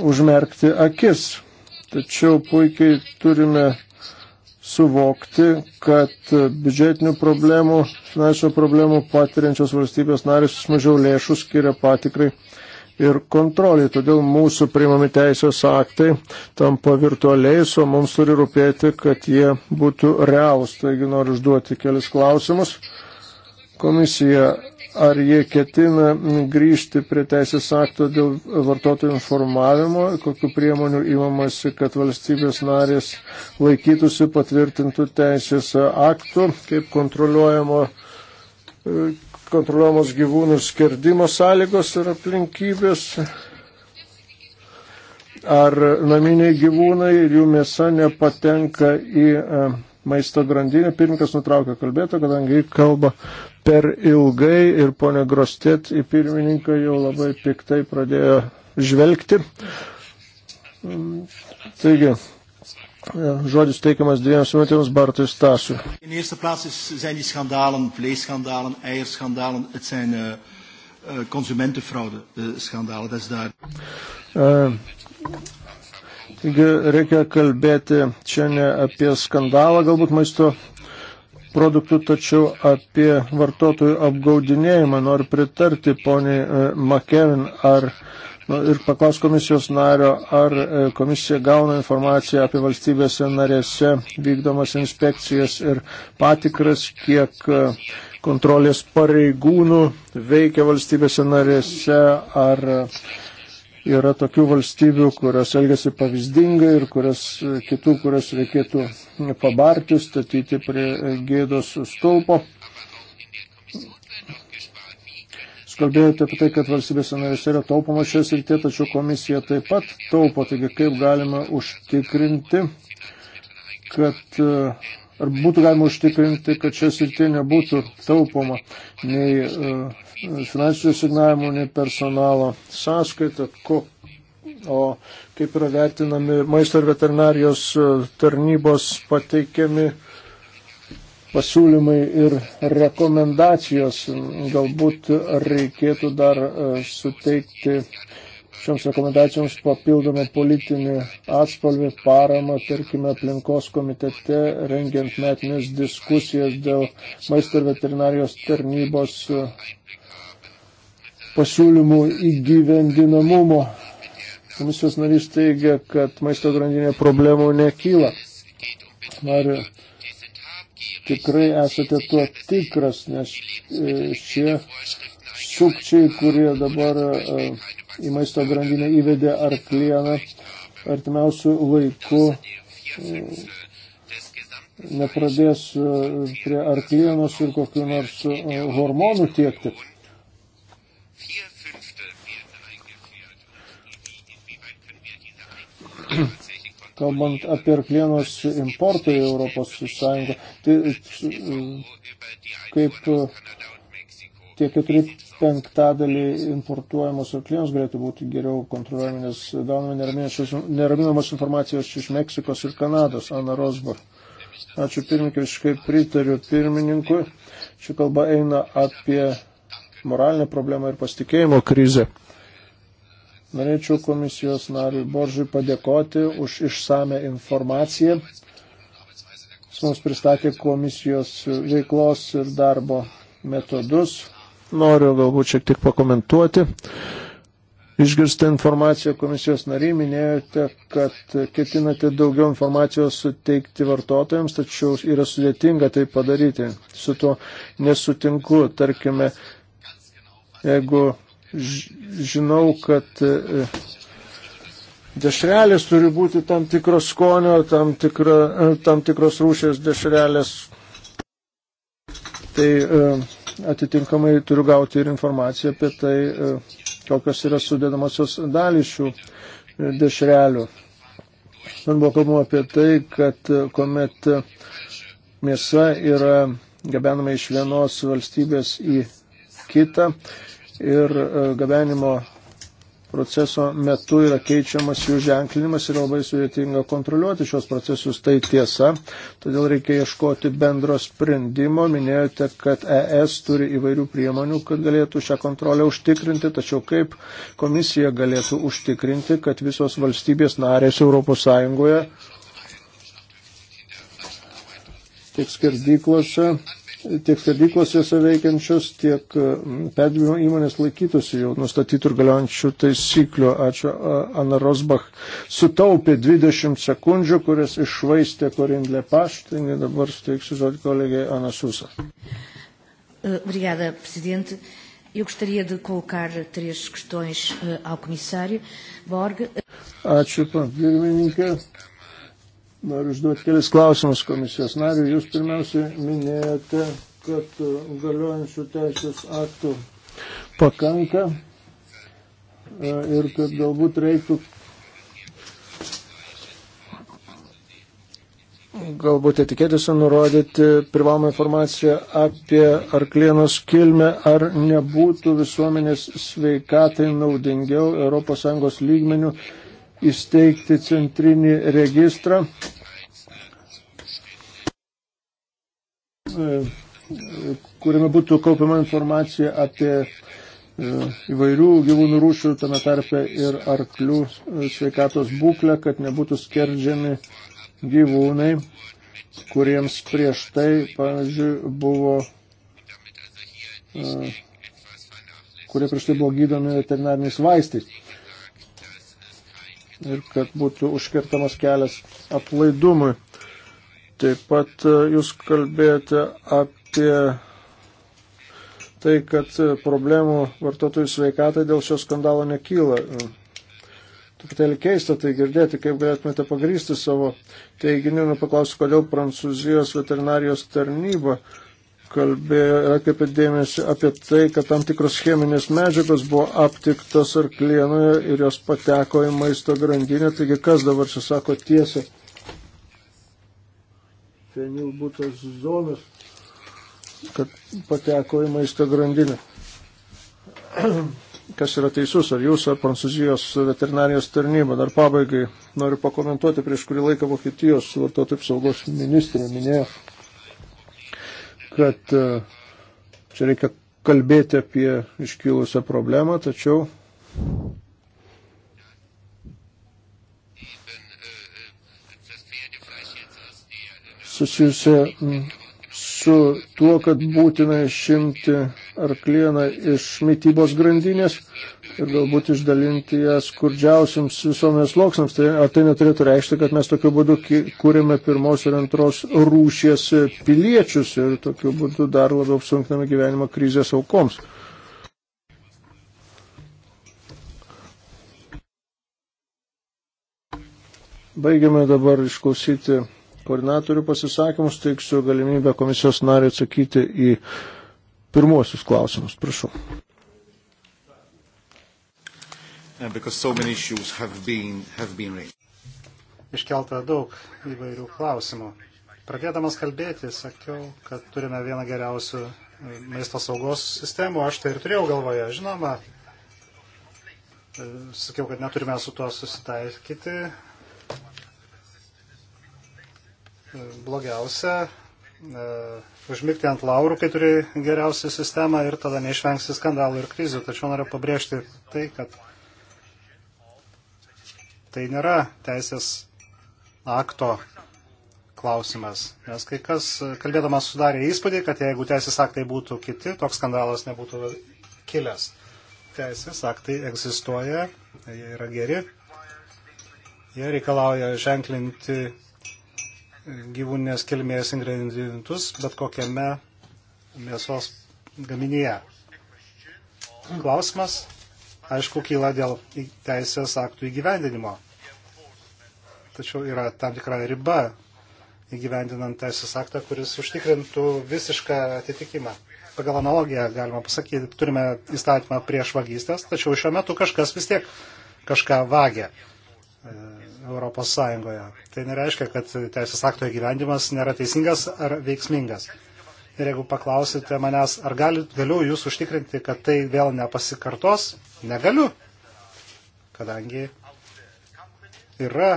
[SPEAKER 3] užmerkti akis. Tačiau puikiai turime suvokti, kad biudžetinių problemų, finansinių problemų patiriančios valstybės narės mažiau lėšų skiria patikrai ir kontroliai. Todėl mūsų priimami teisės aktai tampa virtualiais, o mums turi rūpėti, kad jie būtų realūs. Taigi noriu užduoti kelis klausimus. Komisija ar jie ketina grįžti prie teisės akto dėl vartotojų informavimo, kokiu priemoniu įmamasi, kad valstybės narės laikytųsi patvirtintų teisės aktų, kaip kontroliuojamo, e, kontroliuojamos gyvūnų skerdimo sąlygos ir aplinkybės. Ar naminiai gyvūnai ir jų mėsa nepatenka į e, maisto grandinę. Pirmininkas nutraukė kalbėtą, kadangi kalba per ilgai ir ponė Grostet į pirmininką jau labai piktai pradėjo žvelgti. Taigi, e, Žodis teikiamas dviems minutėms Bartui Stasiu.
[SPEAKER 1] In eerste plaats is, zijn die schandalen, vleesschandalen, eierschandalen, het zijn uh, uh, consumentenfraude uh, schandalen, dat is daar.
[SPEAKER 3] Uh, taigi reikia kalbėti čia ne apie skandalą galbūt maisto produktų, tačiau apie vartotojų apgaudinėjimą noriu pritarti poniai e, Makevin ar, nu, ir paklaus komisijos nario, ar e, komisija gauna informaciją apie valstybėse narėse vykdomas inspekcijas ir patikras, kiek e, kontrolės pareigūnų veikia valstybėse narėse, ar Yra tokių valstybių, kurios elgesi pavyzdingai ir kurios, kitų, kurios reikėtų pabarti, statyti prie gėdos stulpo. Kalbėjote apie tai, kad valstybės narėse yra taupoma šios rytė, tačiau komisija taip pat taupo, taigi kaip galima užtikrinti, kad uh, ar būtų galima užtikrinti, kad čia srityje nebūtų taupoma nei e, finansinių signavimų, nei personalo sąskaita, ko, o kaip yra vertinami maisto ir veterinarijos e, tarnybos pateikiami pasiūlymai ir rekomendacijos. Galbūt reikėtų dar e, suteikti šioms rekomendacijoms papildomą politinį atspalvį paramą, tarkime, aplinkos komitete, rengiant metinės diskusijas dėl maisto ir veterinarijos tarnybos e, pasiūlymų įgyvendinamumo. Komisijos narys teigia, kad maisto grandinė problemų nekyla. Ar tikrai esate tuo tikras, nes e, šie sukčiai, kurie dabar uh, į maisto grandinę įvedė arklieną, artimiausių laikų nepradės e, prie arklienos ir kokiu nors e, hormonų tiekti. Kalbant apie arklienos importą į Europos Sąjungą, tai e, kaip tie keturi penktadalį importuojamos arklienos galėtų būti geriau kontroliuojami, nes gauname neraminamos informacijos iš Meksikos ir Kanados, Ana Rosbar. Ačiū pirmininkai, visiškai pritariu pirmininkui. Čia kalba eina apie moralinę problemą ir pasitikėjimo krizę. Norėčiau komisijos nariui Boržui padėkoti už išsame informaciją. Jis mums pristatė komisijos veiklos ir darbo metodus. Noriu galbūt šiek tiek pakomentuoti. Išgirsta informacija komisijos nariai, minėjote, kad ketinate daugiau informacijos suteikti vartotojams, tačiau yra sudėtinga tai padaryti. Su tuo nesutinku, tarkime, jeigu žinau, kad e, dešrelės turi būti tam tikros skonio, tam, tikra, e, tam tikros rūšės dešrelės, tai. Uh, atitinkamai turiu gauti ir informaciją apie tai, e, kokios yra sudėdamosios dalys šių e, dešrelių. Man buvo kalbama apie tai, kad e, kuomet mėsa yra gabenama iš vienos valstybės į kitą ir gabenimo proceso metu yra keičiamas jų ženklinimas ir labai sudėtinga kontroliuoti šios procesus, tai tiesa. Todėl reikia ieškoti bendro sprendimo. Minėjote, kad ES turi įvairių priemonių, kad galėtų šią kontrolę užtikrinti, tačiau kaip komisija galėtų užtikrinti, kad visos valstybės narės ES tiek skerdyklose tiek skerdyklose jose veikiančios, tiek e, perdirbimo įmonės laikytųsi jau nustatytų ir galiojančių taisyklių. Ačiū, e, Ana Rosbach sutaupė 20 sekundžių, kurias išvaistė Korin Lepaš, taigi dabar suteiksiu žodį kolegijai Ana Susa. E, obrigada, Presidente. Eu gostaria de colocar
[SPEAKER 1] três questões uh, ao Comissário Borg.
[SPEAKER 3] Ačiū, pirmininkė. Noriu užduoti kelis klausimus komisijos nariui. Jūs pirmiausia minėjote, kad e, galiojančių teisės aktų pakanka e, ir kad galbūt reiktų galbūt etiketėse nurodyti privalomą informaciją apie arklienos kilmę, ar nebūtų visuomenės sveikatai naudingiau ES lygmenių įsteigti centrinį registrą. E, kuriame būtų kaupiama informacija apie e, įvairių gyvūnų rūšių, tame tarpe ir arklių e, sveikatos būklę, kad nebūtų skerdžiami gyvūnai, kuriems prieš tai, pavyzdžiui, buvo kurie prieš tai buvo gydomi veterinariniais vaistais ir kad būtų užkirtamas kelias aplaidumui. Taip pat e, jūs kalbėjote apie tai, kad e, problemų vartotojų sveikatai dėl šio skandalo nekyla. Truputėlį keista tai girdėti, kaip galėtumėte pagrysti savo teiginį. Nu, paklausiu, kodėl Prancūzijos veterinarijos tarnyba uh, kalbėjo ir atkreipė dėmesį apie tai, kad tam tikros cheminės medžiagos buvo aptiktos arklienoje ir jos pateko į maisto grandinę. Taigi kas dabar čia sako tiesą? Fenilbutas zonas, kad pateko į maisto grandinę. Kas yra teisus, ar jūs, ar Prancūzijos veterinarijos tarnyba? Dar pabaigai noriu pakomentuoti prieš kurį laiką Vokietijos vartotojų apsaugos ministrė minėjo kad e, čia reikia kalbėti apie iškilusią problemą, tačiau susijusia su tuo, kad būtina išimti arklieną iš mytybos grandinės, ir galbūt išdalinti ją skurdžiausiams visuomenės loksams. Tai, ar tai neturėtų reikšti, kad mes tokiu būdu kūrėme pirmos ir antros rūšies piliečius ir tokiu būdu dar labiau apsunkiname gyvenimą krizės aukoms? Baigiame dabar išklausyti koordinatorių pasisakymus, teiksiu galimybę komisijos nariai atsakyti į pirmuosius klausimus. Prašau.
[SPEAKER 1] Uh, because so many issues have been, have been raised. Iškelta daug įvairių klausimų. Pradėdamas kalbėti, sakiau, kad turime vieną geriausių uh, maisto saugos sistemų. Aš tai ir turėjau galvoje. Žinoma, uh, sakiau, kad neturime su tuo susitaikyti. Blogiausia, užmigti ant laurų, kai turi geriausią sistemą ir tada neišvengsi skandalų ir krizių. Tačiau noriu pabrėžti tai, kad Tai nėra teisės akto klausimas, nes kai kas kalbėdamas sudarė įspūdį, kad jeigu teisės aktai būtų kiti, toks skandalas nebūtų kilęs. Teisės aktai egzistuoja, jie yra geri, jie reikalauja ženklinti gyvūninės kilmės ingredientus bet kokiame mėsos gaminyje. Klausimas, aišku, kyla dėl teisės aktų įgyvendinimo. Tačiau yra tam tikra riba įgyvendinant teisės aktą, kuris užtikrintų visišką atitikimą. Pagal analogiją galima pasakyti, turime įstatymą prieš vagystės, tačiau šiuo metu kažkas vis tiek kažką vagia e, Europos Sąjungoje. Tai nereiškia, kad teisės akto įgyvendimas nėra teisingas ar veiksmingas. Ir jeigu paklausite manęs, ar gali, galiu jūs užtikrinti, kad tai vėl nepasikartos, negaliu, kadangi yra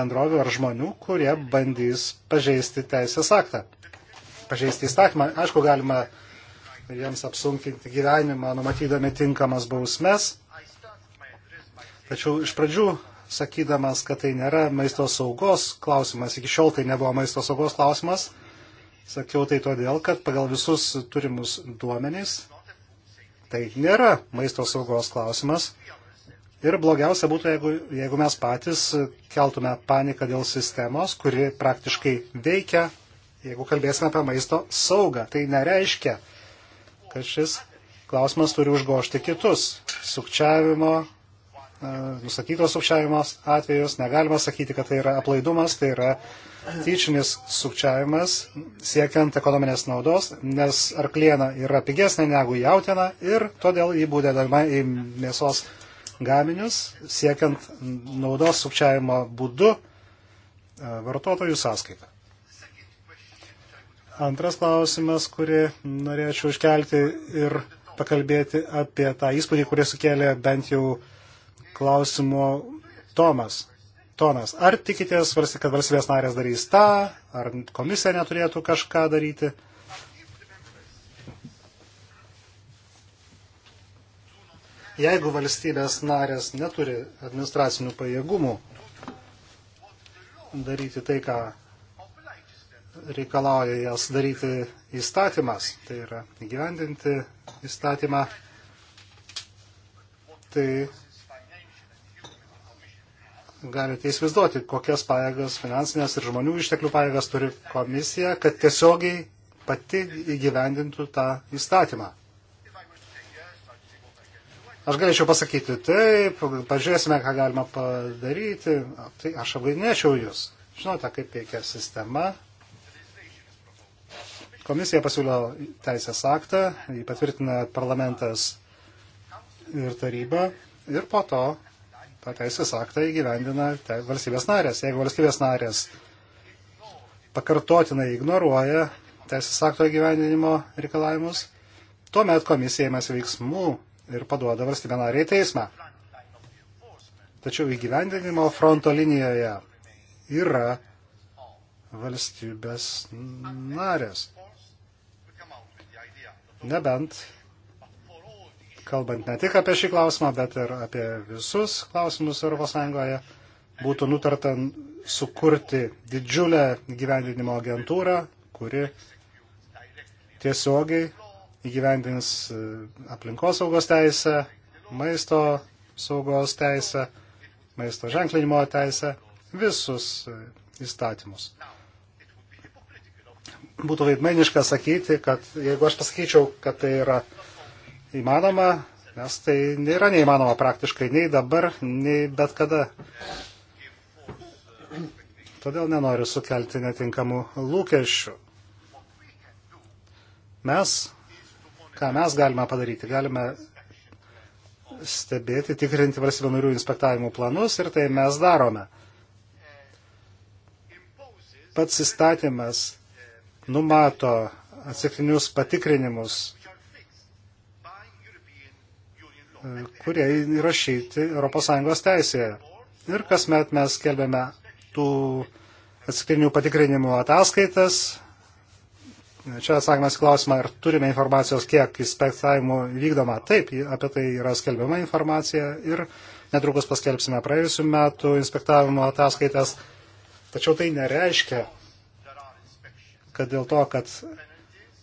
[SPEAKER 1] bendrovių ar žmonių, kurie bandys pažeisti teisės aktą. Pažeisti įstatymą, aišku, galima jiems apsunkinti gyvenimą, numatydami tinkamas bausmes. Tačiau iš pradžių, sakydamas, kad tai nėra maisto saugos klausimas, iki šiol tai nebuvo maisto saugos klausimas, Sakiau tai todėl, kad pagal visus turimus duomenys tai nėra maisto saugos klausimas. Ir blogiausia būtų, jeigu, jeigu mes patys keltume paniką dėl sistemos, kuri praktiškai veikia, jeigu kalbėsime apie maisto saugą. Tai nereiškia, kad šis klausimas turi užgošti kitus. Sukčiavimo, e, nusakytos sukčiavimo atvejus, negalima sakyti, kad tai yra aplaidumas, tai yra uh, tyčinis sukčiavimas siekiant ekonominės naudos, nes arkliena yra pigesnė negu jautiena ir todėl jį būdėdama į mėsos gaminius, siekiant naudos sukčiavimo būdu e, vartotojų sąskaitą. Antras klausimas, kurį norėčiau iškelti ir pakalbėti apie tą įspūdį, kurį sukėlė bent jau klausimo Tomas tonas. Ar tikitės, kad valstybės narės darys tą, ar komisija neturėtų kažką daryti? Jeigu valstybės narės neturi administracinių pajėgumų daryti tai, ką reikalauja jas daryti įstatymas, tai yra įgyvendinti įstatymą, tai galite įsivaizduoti, kokias pajėgas, finansinės ir žmonių išteklių pajėgas turi komisija, kad tiesiogiai pati įgyvendintų tą įstatymą. Aš galėčiau pasakyti, taip, pažiūrėsime, ką galima padaryti, tai aš apgaidinėčiau jūs. Žinote, kaip veikia sistema. Komisija pasiūlio teisės aktą, jį patvirtina parlamentas ir taryba ir po to tą teisės aktą įgyvendina te, valstybės narės. Jeigu valstybės narės pakartotinai ignoruoja teisės akto įgyvendinimo reikalavimus, tuomet komisija įmės veiksmų ir paduoda valstybę narį į teismą. Tačiau įgyvendinimo fronto linijoje yra valstybės narės. Nebent kalbant ne tik apie šį klausimą, bet ir apie visus klausimus ES, būtų nutarta sukurti didžiulę gyvendinimo agentūrą, kuri tiesiogiai įgyvendins e, aplinkosaugos teisę, maisto saugos teisę, maisto ženklinimo teisę, visus e, įstatymus. Būtų veidmeniška sakyti, kad jeigu aš pasakyčiau, kad tai yra įmanoma, nes tai nėra neįmanoma praktiškai nei dabar, nei bet kada. Todėl nenoriu sukelti netinkamų lūkesčių. Mes, ką mes galime padaryti, galime stebėti, tikrinti valstybių narių inspektavimų planus ir tai mes darome. Pats įstatymas numato atsakinius patikrinimus kurie įrašyti ES teisėje. Ir kasmet mes kelbėme tų atsikrinių patikrinimų ataskaitas. Čia atsakymas klausimą, ar turime informacijos, kiek inspektavimų vykdoma. Taip, apie tai yra skelbiama informacija ir netrukus paskelbsime praėjusių metų inspektavimo ataskaitas. Tačiau tai nereiškia, kad dėl to, kad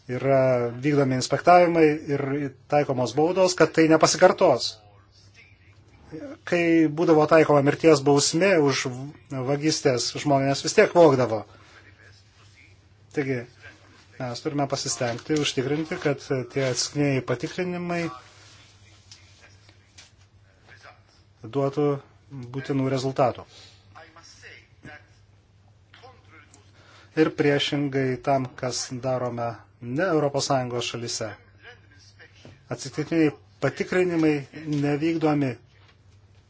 [SPEAKER 1] yra vykdomi inspektavimai ir taikomos baudos, kad tai nepasikartos. Kai būdavo taikoma mirties bausmė už vagystės, žmonės vis tiek vogdavo. Taigi, mes turime pasistengti, užtikrinti, kad tie atskiniai patikrinimai duotų būtinų rezultatų. Ir priešingai tam, kas darome ne ES šalise. Atsitiktiniai patikrinimai nevykdomi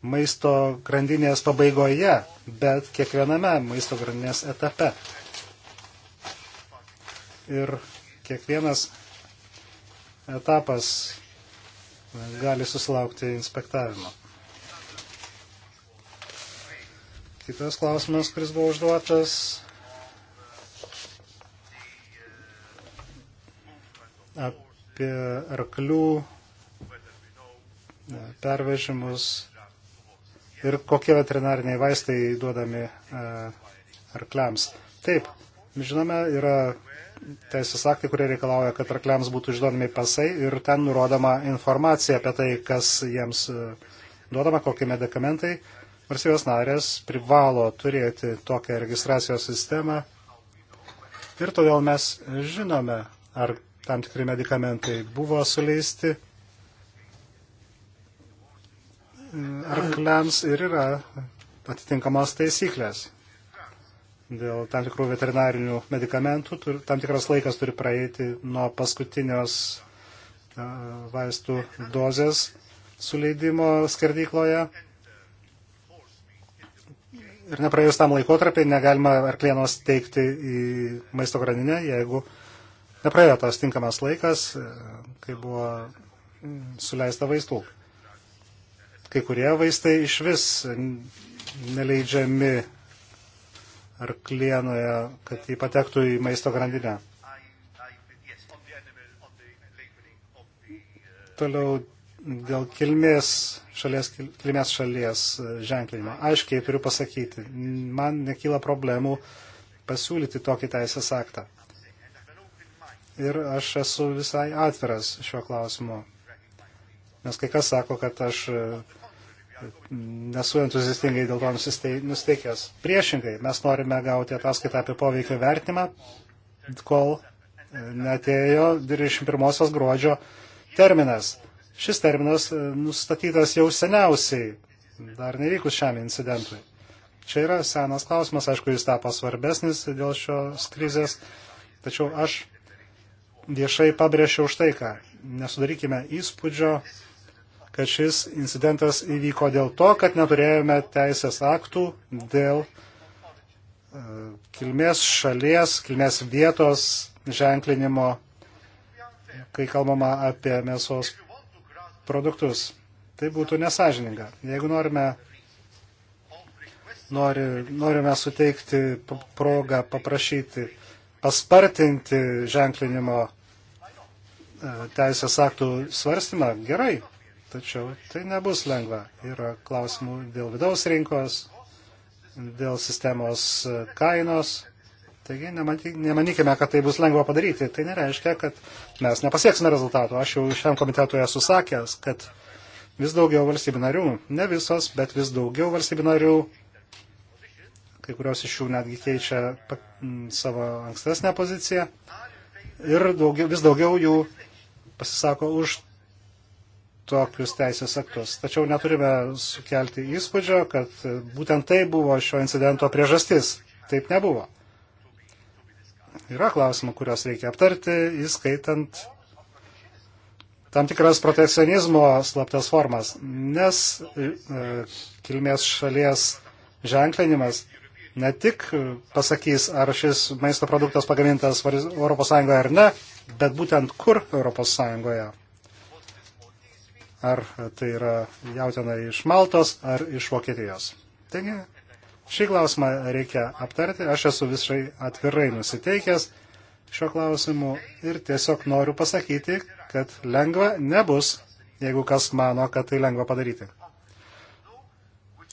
[SPEAKER 1] maisto grandinės pabaigoje, bet kiekviename maisto grandinės etape. Ir kiekvienas etapas gali susilaukti inspektavimo. Kitas klausimas, kuris buvo užduotas, apie arklių e, pervežimus ir kokie veterinariniai vaistai duodami e, arkliams. Taip, žinome, yra teisės aktai, kurie reikalauja, kad arkliams būtų išduodami pasai ir ten nurodoma informacija apie tai, kas jiems e, duodama, kokie medikamentai. Varsybės narės privalo turėti tokią registracijos sistemą ir todėl mes žinome, ar tam tikri medikamentai buvo suleisti arkliams ir yra atitinkamos taisyklės. Dėl tam tikrų veterinarinių medikamentų tam tikras laikas turi praeiti nuo paskutinios vaistų dozės suleidimo skerdykloje. Ir nepraėjus tam laikotarpiai negalima arklienos teikti į maisto grandinę, jeigu uh, nepraėjo tas tinkamas laikas, e, kai buvo suleista vaistų. Kai kurie vaistai iš vis neleidžiami arklienoje, kad jį patektų į maisto grandinę. Toliau dėl kilmės šalies, kilmės šalies ženklinimo. Aiškiai turiu pasakyti, man nekyla problemų pasiūlyti tokį teisės aktą ir aš esu visai atviras šiuo klausimu. Nes kai kas sako, kad aš e, nesu entuziastingai dėl to nusteikęs. Priešingai, mes norime gauti ataskaitą apie poveikio vertimą, kol e, netėjo 21 gruodžio terminas. Šis terminas e, nustatytas jau seniausiai, dar nevykus šiam incidentui. Čia yra senas klausimas, aišku, jis tapo svarbesnis dėl šios krizės, tačiau aš viešai pabrėžiau štai ką. Nesudarykime įspūdžio, kad šis incidentas įvyko dėl to, kad neturėjome teisės aktų dėl e, kilmės šalies, kilmės vietos ženklinimo, kai kalbama apie mėsos produktus. Tai būtų nesažininga. Jeigu norime, nori, norime suteikti progą paprašyti, paspartinti ženklinimo E, teisės aktų svarstymą, gerai, tačiau tai nebus lengva. Yra klausimų dėl vidaus rinkos, dėl sistemos kainos. Taigi nemanykime, kad tai bus lengva padaryti. Tai nereiškia, kad mes nepasieksime rezultatų. Aš jau šiam komitetui esu sakęs, kad vis daugiau valstybių narių, ne visos, bet vis daugiau valstybių narių, kai kurios iš jų netgi keičia savo ankstesnę poziciją ir daugiau, vis daugiau jų pasisako už tokius teisės aktus. Tačiau neturime sukelti įspūdžio, kad būtent tai buvo šio incidento priežastis. Taip nebuvo. Yra klausimų, kuriuos reikia aptarti, įskaitant tam tikras protekcionizmo slaptas formas, nes e, kilmės šalies ženklinimas ne tik pasakys, ar šis maisto produktas pagamintas ES ar ne, Bet būtent kur ES? Ar tai yra jautina iš Maltos ar iš Vokietijos? Taigi, šį klausimą reikia aptarti. Aš esu visai atvirai nusiteikęs šio klausimu ir tiesiog noriu pasakyti, kad lengva nebus, jeigu kas mano, kad tai lengva padaryti.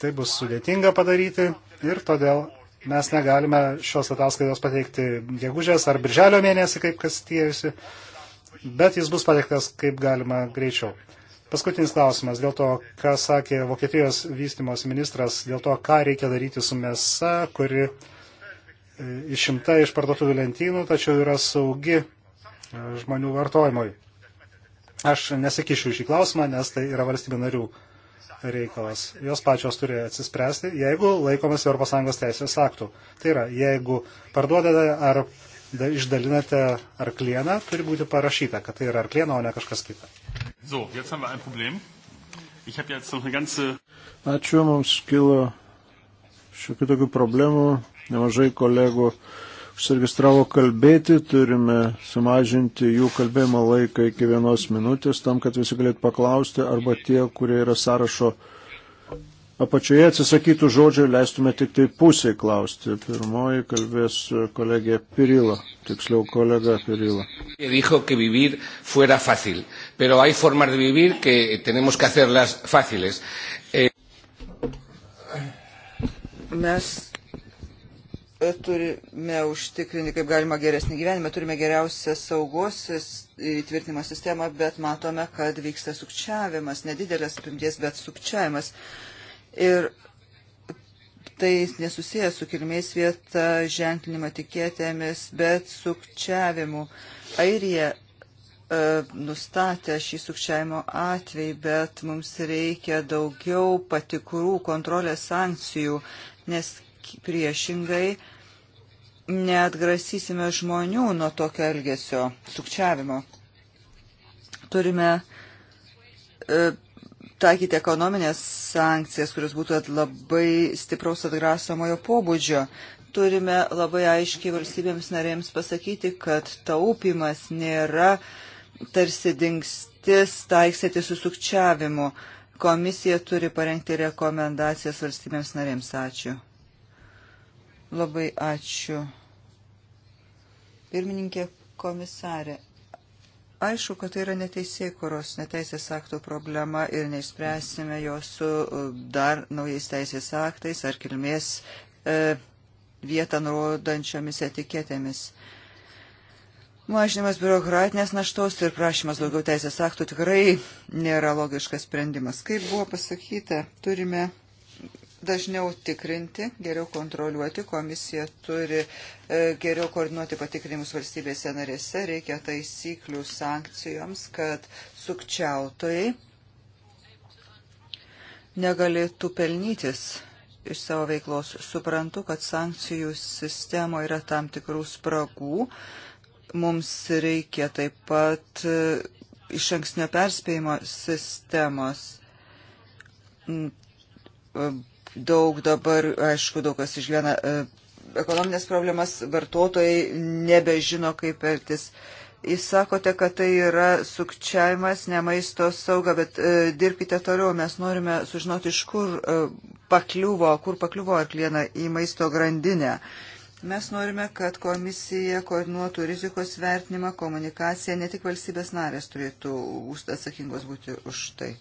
[SPEAKER 1] Tai bus sudėtinga padaryti ir todėl mes negalime šios ataskaitos pateikti gegužės ar birželio mėnesį, kaip kas tiejasi, bet jis bus pateiktas kaip galima greičiau. Paskutinis klausimas dėl to, ką sakė Vokietijos vystimos ministras, dėl to, ką reikia daryti su mėsa, kuri e, išimta iš parduotuvių lentynų, tačiau yra saugi e, žmonių vartojimui. Aš nesikišiu šį klausimą, nes tai yra valstybių narių reikalas. Jos pačios turi atsispręsti, jeigu laikomas ES teisės aktų. Tai yra, jeigu parduodate ar išdalinate arklieną, turi būti parašyta, kad tai yra arkliena, o ne kažkas kita. So, jetzt haben wir ein Problem. Ich habe jetzt noch eine ganze... Ačiū, mums kilo šiokių tokių problemų.
[SPEAKER 3] Nemažai kolegų užsiregistravo kalbėti, turime sumažinti jų kalbėjimo laiką iki vienos minutės, tam, kad visi galėtų paklausti, arba tie, kurie yra sąrašo apačioje atsisakytų žodžio, leistume tik tai pusiai klausti. Pirmoji kalbės kolegė Pirilo, tiksliau kolega Pirilo.
[SPEAKER 2] Dijo
[SPEAKER 1] que vivir fuera fácil, pero hay formas de vivir que tenemos que hacerlas fáciles. Eh...
[SPEAKER 2] Mes E, turime užtikrinti, kaip galima geresnį gyvenimą, turime geriausią saugos įtvirtinimo sistemą, bet matome, kad vyksta sukčiavimas, nedidelės apimties, bet sukčiavimas. Ir tai nesusijęs su kilmės vieta, ženklinimo tikėtėmis, bet sukčiavimu. Airija e, nustatę šį sukčiavimo atvejį, bet mums reikia daugiau patikrų kontrolės sankcijų, nes priešingai neatgrasysime žmonių nuo tokio elgesio, sukčiavimo. Turime e, taikyti ekonominės sankcijas, kurios būtų labai stipraus atgrasomojo pobūdžio. Turime labai aiškiai valstybėms narėms pasakyti, kad taupimas nėra tarsi dingstis taiksėti su sukčiavimu. Komisija turi parengti rekomendacijas valstybėms narėms. Ačiū. Labai ačiū. Pirmininkė komisarė. Aišku, kad tai yra neteisėkuros, neteisės aktų problema ir neišspręsime jos su e, dar naujais teisės aktais ar kilmės e, vietą nurodančiomis etiketėmis. Mažinimas biurokratinės naštos ir prašymas daugiau teisės aktų tikrai nėra logiškas sprendimas. Kaip buvo pasakyta, turime dažniau tikrinti, geriau kontroliuoti, komisija turi e, geriau koordinuoti patikrinimus valstybėse narėse, reikia taisyklių sankcijoms, kad sukčiautojai negalėtų pelnytis iš savo veiklos. Suprantu, kad sankcijų sistemo yra tam tikrų spragų. Mums reikia taip pat e, iš anksnio perspėjimo sistemos e, Daug dabar, aišku, daug kas išgyvena e, ekonominės problemas, vartotojai nebežino, kaip elgtis. Jūs sakote, kad tai yra sukčiavimas, ne maisto sauga, bet e, dirbkite toliau. Mes norime sužinoti, iš kur e, pakliuvo, kur pakliuvo arkliena į maisto grandinę. Mes norime, kad komisija koordinuotų rizikos vertinimą, komunikaciją, ne tik valstybės narės turėtų atsakingos būti už tai.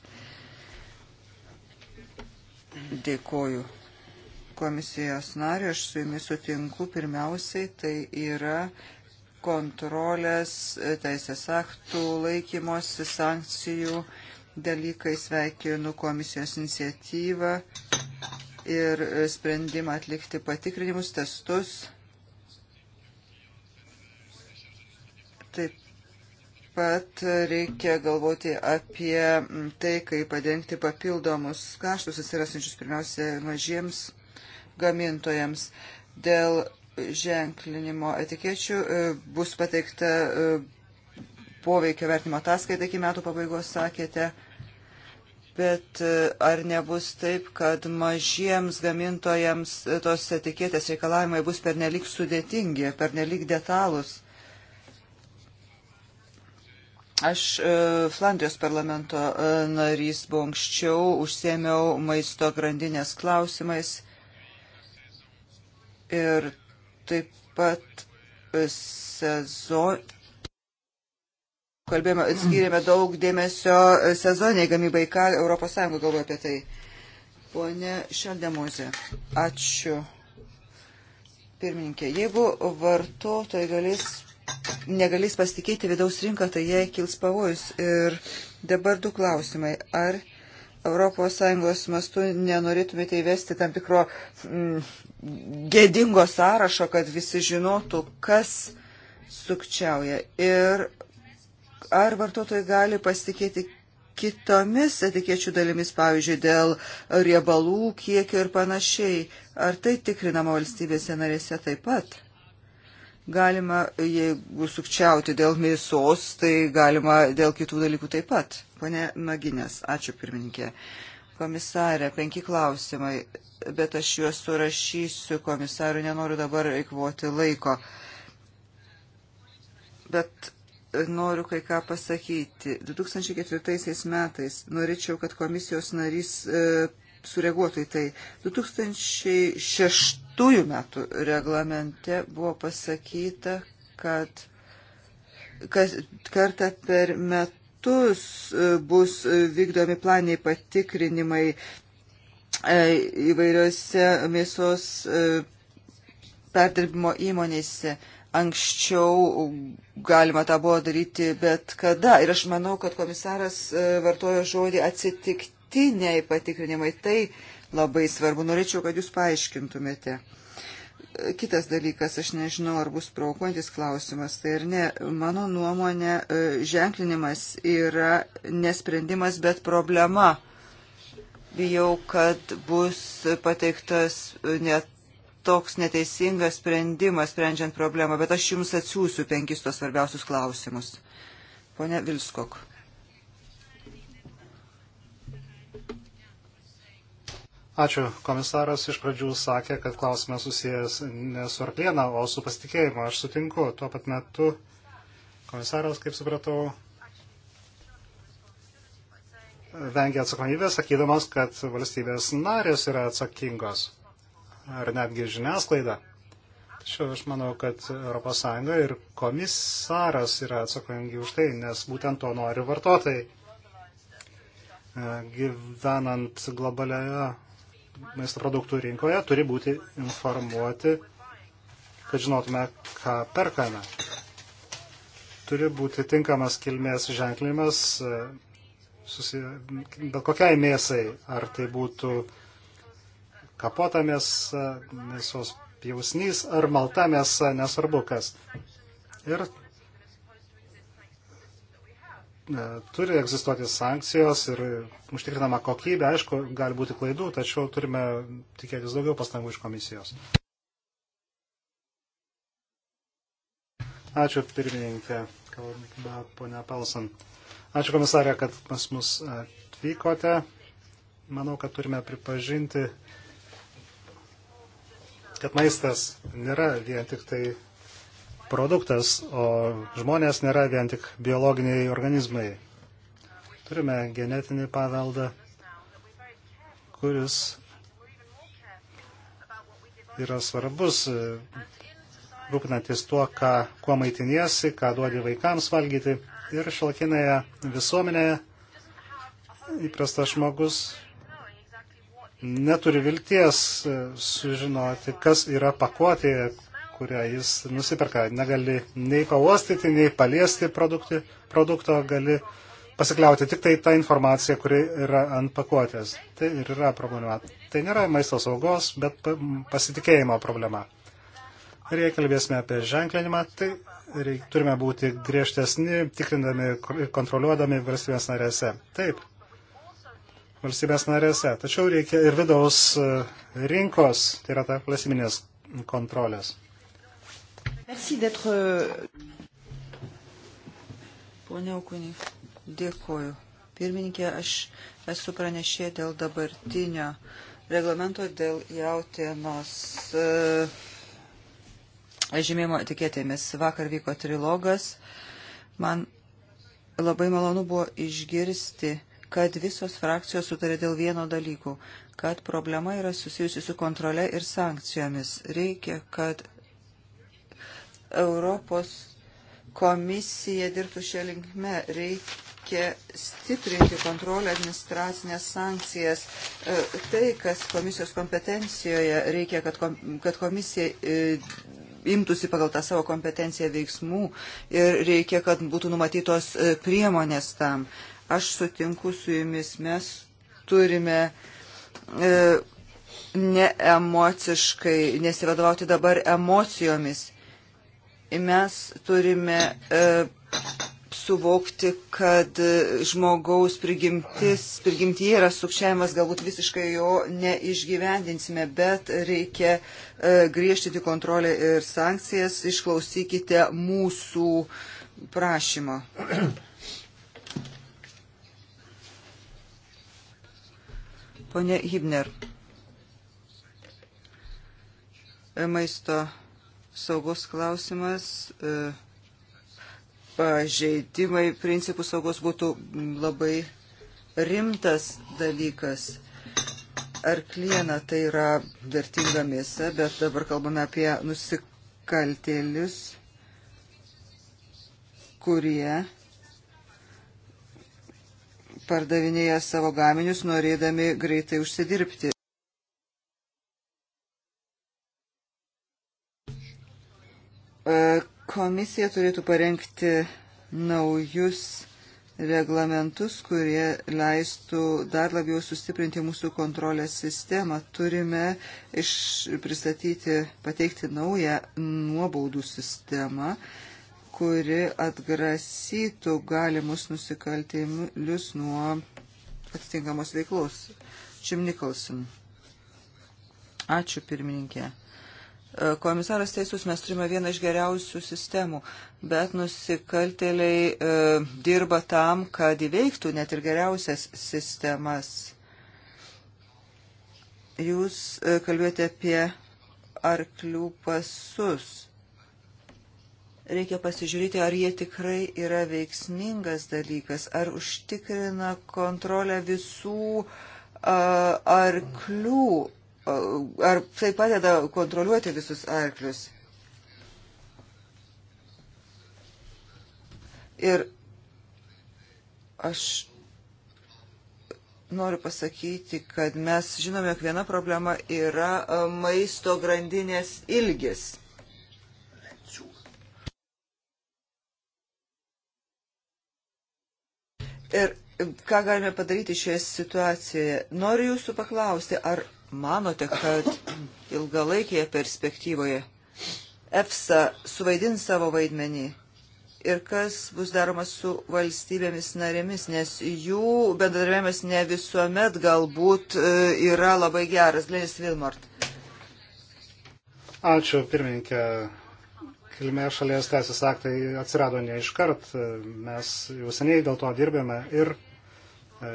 [SPEAKER 2] Dėkoju komisijos nariu, aš su jumis sutinku. Pirmiausiai tai yra kontrolės, teisės aktų laikymosi, sankcijų dalykai. Sveikinu komisijos iniciatyvą ir sprendimą atlikti patikrinimus, testus. Taip pat reikia galvoti apie tai, kaip padengti papildomus kaštus atsirasančius pirmiausia mažiems gamintojams. Dėl ženklinimo etikečių e, bus pateikta e, poveikio vertimo ataskaita iki metų pabaigos, sakėte. Bet e, ar nebus taip, kad mažiems gamintojams tos etiketės reikalavimai bus pernelik sudėtingi, pernelik detalus? Aš e, Flandijos parlamento e, narys buvau anksčiau, užsėmiau maisto grandinės klausimais ir taip pat e, sezon... Kalbėjome, skiriame daug dėmesio sezoniai gamybai, ką ES galvoja apie tai. Pone Šeldemuzė, ačiū. Pirmininkė, jeigu vartotojai galės negalės pasitikėti vidaus rinką, tai jai kils pavojus. Ir dabar du klausimai. Ar ES mastu nenorėtumėte įvesti tam tikro mm, gėdingo sąrašo, kad visi žinotų, kas sukčiauja ir ar vartotojai gali pasitikėti kitomis etikėčių dalimis, pavyzdžiui, dėl riebalų kiekio ir panašiai. Ar tai tikrinama valstybėse narėse taip pat? Galima, jeigu sukčiauti dėl mėsos, tai galima dėl kitų dalykų taip pat. Pone Maginės, ačiū pirmininkė. Komisarė, penki klausimai, bet aš juos surašysiu komisarui, nenoriu dabar eikvoti laiko. Bet noriu kai ką pasakyti. 2004 metais norėčiau, kad komisijos narys e, sureaguotų į tai. 2006 2006 metų reglamente buvo pasakyta, kad kas, kartą per metus e, bus e, vykdomi planiai patikrinimai e, įvairiose mėsos perdirbimo įmonėse. Anksčiau galima tą buvo daryti bet kada. Ir aš manau, kad komisaras vartojo žodį atsitiktiniai patikrinimai. Tai uh, labai svarbu. Norėčiau, kad jūs paaiškintumėte. Kitas dalykas, aš nežinau, ar bus provokuojantis klausimas, tai ir ne, mano nuomonė, e, ženklinimas yra nesprendimas, bet problema. Bijau, kad bus pateiktas e, net toks neteisingas sprendimas, sprendžiant problemą, bet aš jums atsiųsiu penkis tos svarbiausius klausimus. Pone Vilskok.
[SPEAKER 1] Ačiū. Komisaras iš pradžių sakė, kad klausimas susijęs ne su arkliena, o su pasitikėjimu. Aš sutinku. Tuo pat metu komisaras, kaip supratau, vengia atsakomybės, sakydamas, kad valstybės narės yra atsakingos. Ar netgi žiniasklaida. Tačiau aš manau, kad ES ir komisaras yra atsakingi už tai, nes būtent to nori vartotojai gyvenant globalioje maisto produktų rinkoje turi būti informuoti, kad žinotume, ką perkame. Turi būti tinkamas kilmės ženklimas e, susi... bet kokiai mėsai, ar tai būtų kapota mėsa, mėsos pjausnys ar malta mėsa, nesvarbu kas. Ir E, turi egzistuoti sankcijos ir užtikrinama kokybė, aišku, gali būti klaidų, tačiau turime tikėtis daugiau pastangų iš komisijos. Ačiū pirmininkė, kalba ponia Pelson. Ačiū komisarė, kad pas mus atvykote. Manau, kad turime pripažinti, kad maistas nėra vien tik tai produktas, o žmonės nėra vien tik biologiniai organizmai. Turime genetinį paveldą, kuris yra svarbus, rūpinantis tuo, ką, kuo maitiniesi, ką duodi vaikams valgyti. Ir šalkinėje visuomenėje įprastas žmogus neturi vilties sužinoti, kas yra pakuotėje, kurią jis nusiperka. Negali nei pauostyti, nei paliesti produkti, produkto, gali pasikliauti tik tai tą informaciją, kuri yra ant pakuotės. Tai ir yra problema. Tai nėra maisto saugos, bet pasitikėjimo problema. Ir jei kalbėsime apie ženklinimą, tai reik, turime būti griežtesni, tikrindami ir kontroliuodami valstybės narėse. Taip, valstybės narėse. Tačiau reikia ir vidaus e, rinkos, tai yra ta valstybinės kontrolės.
[SPEAKER 2] Merci d'être. Euh, Pone Aukunį, dėkoju. Pirmininkė, aš esu pranešė dėl dabartinio reglamento dėl jautienos e, žymėjimo etiketėmis. Vakar vyko trilogas. Man labai malonu buvo išgirsti, kad visos frakcijos sutarė dėl vieno dalykų, kad problema yra susijusi su kontrole ir sankcijomis. Reikia, kad Europos komisija dirbtų šią linkme. Reikia stiprinti kontrolę administracinės sankcijas. E, tai, kas komisijos kompetencijoje, reikia, kad komisija e, imtųsi pagal tą savo kompetenciją veiksmų ir reikia, kad būtų numatytos e, priemonės tam. Aš sutinku su jumis, mes turime e, neemociškai nesivadovauti dabar emocijomis. Mes turime e, suvokti, kad žmogaus prigimtis, prigimtyje yra sukčiavimas, galbūt visiškai jo neišgyvendinsime, bet reikia e, griežtinti kontrolę ir sankcijas, išklausykite mūsų prašymo. Pone Hibner, e, maisto saugos klausimas, e, pažeidimai principų saugos būtų labai rimtas dalykas. Arkliena tai yra vertinga mėsa, bet dabar kalbame apie nusikaltėlius, kurie pardavinėja savo gaminius, norėdami greitai užsidirbti. Komisija turėtų parengti naujus reglamentus, kurie leistų dar labiau sustiprinti mūsų kontrolės sistemą. Turime iš, pristatyti, pateikti naują nuobaudų sistemą, kuri atgrasytų galimus nusikaltėlius nuo atitinkamos veiklos. Jim Nicholson. Ačiū pirmininkė. Komisaras teisus, mes turime vieną iš geriausių sistemų, bet nusikaltėliai e, dirba tam, kad įveiktų net ir geriausias sistemas. Jūs e, kalbėjote apie arklių pasus. Reikia pasižiūrėti, ar jie tikrai yra veiksmingas dalykas, ar užtikrina kontrolę visų uh, arklių Ar tai padeda kontroliuoti visus arklius? Ir aš noriu pasakyti, kad mes žinome, jog viena problema yra e, maisto grandinės ilgis. Ir ką galime padaryti šioje situacijoje? Noriu jūsų paklausti, ar manote, kad ilgalaikėje perspektyvoje EFSA suvaidins savo vaidmenį ir kas bus daroma su valstybėmis narėmis, nes jų bendradarbiavimas ne visuomet galbūt e, yra labai geras. Glenis Vilmort.
[SPEAKER 1] Ačiū, pirmininkė. Kilmė šalies teisės aktai atsirado ne iškart, mes jau seniai dėl to dirbėme ir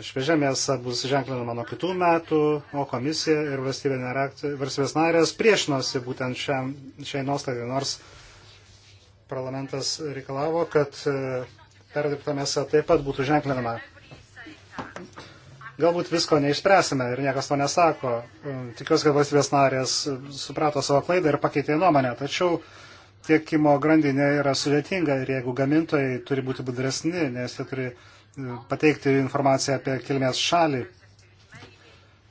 [SPEAKER 1] Šviežia mėsa bus ženklinama nuo kitų metų, o komisija ir valstybės narės priešinosi būtent šiam, šiai nuostatai, nors parlamentas reikalavo, kad e, perdirbta mėsa taip pat būtų ženklinama. Galbūt visko neišspręsime ir niekas to nesako. E, tikiuosi, kad valstybės narės suprato savo klaidą ir pakeitė nuomonę, tačiau tiekimo grandinė yra sudėtinga ir jeigu gamintojai turi būti budresni, nes jie turi pateikti informaciją apie kilmės šalį,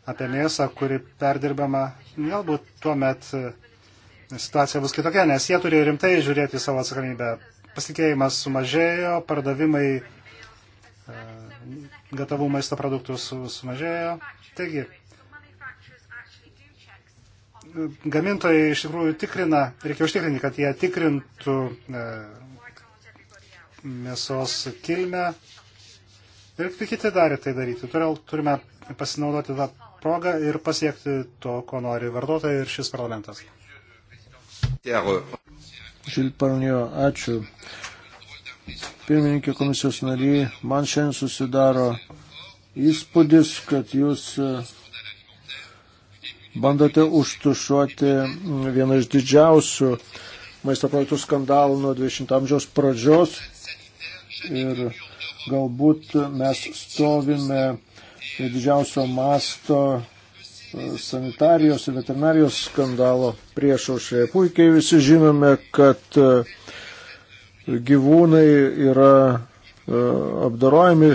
[SPEAKER 1] apie mėsą, kuri perdirbama, galbūt tuo met e, situacija bus kitokia, nes jie turi rimtai žiūrėti savo atsakomybę. Pasitikėjimas sumažėjo, pardavimai e, gatavų maisto produktų sumažėjo. Taigi, gamintojai iš tikrųjų tikrina, reikia užtikrinti, kad jie tikrintų e, mėsos kilmę, Ir kiti darė tai daryti. Todėl turime pasinaudoti tą progą ir pasiekti to, ko nori vartotojai ir šis parlamentas.
[SPEAKER 3] Žilparnio, ačiū. Pirmininkė komisijos nariai, man šiandien susidaro įspūdis, kad jūs e, bandote užtušuoti vieną iš didžiausių maisto produktų skandalų nuo 20 amžiaus pradžios. Ir Galbūt mes stovime didžiausio masto e, sanitarijos ir veterinarijos skandalo priešaušrėje. Puikiai visi žinome, kad e, gyvūnai yra e, apdarojami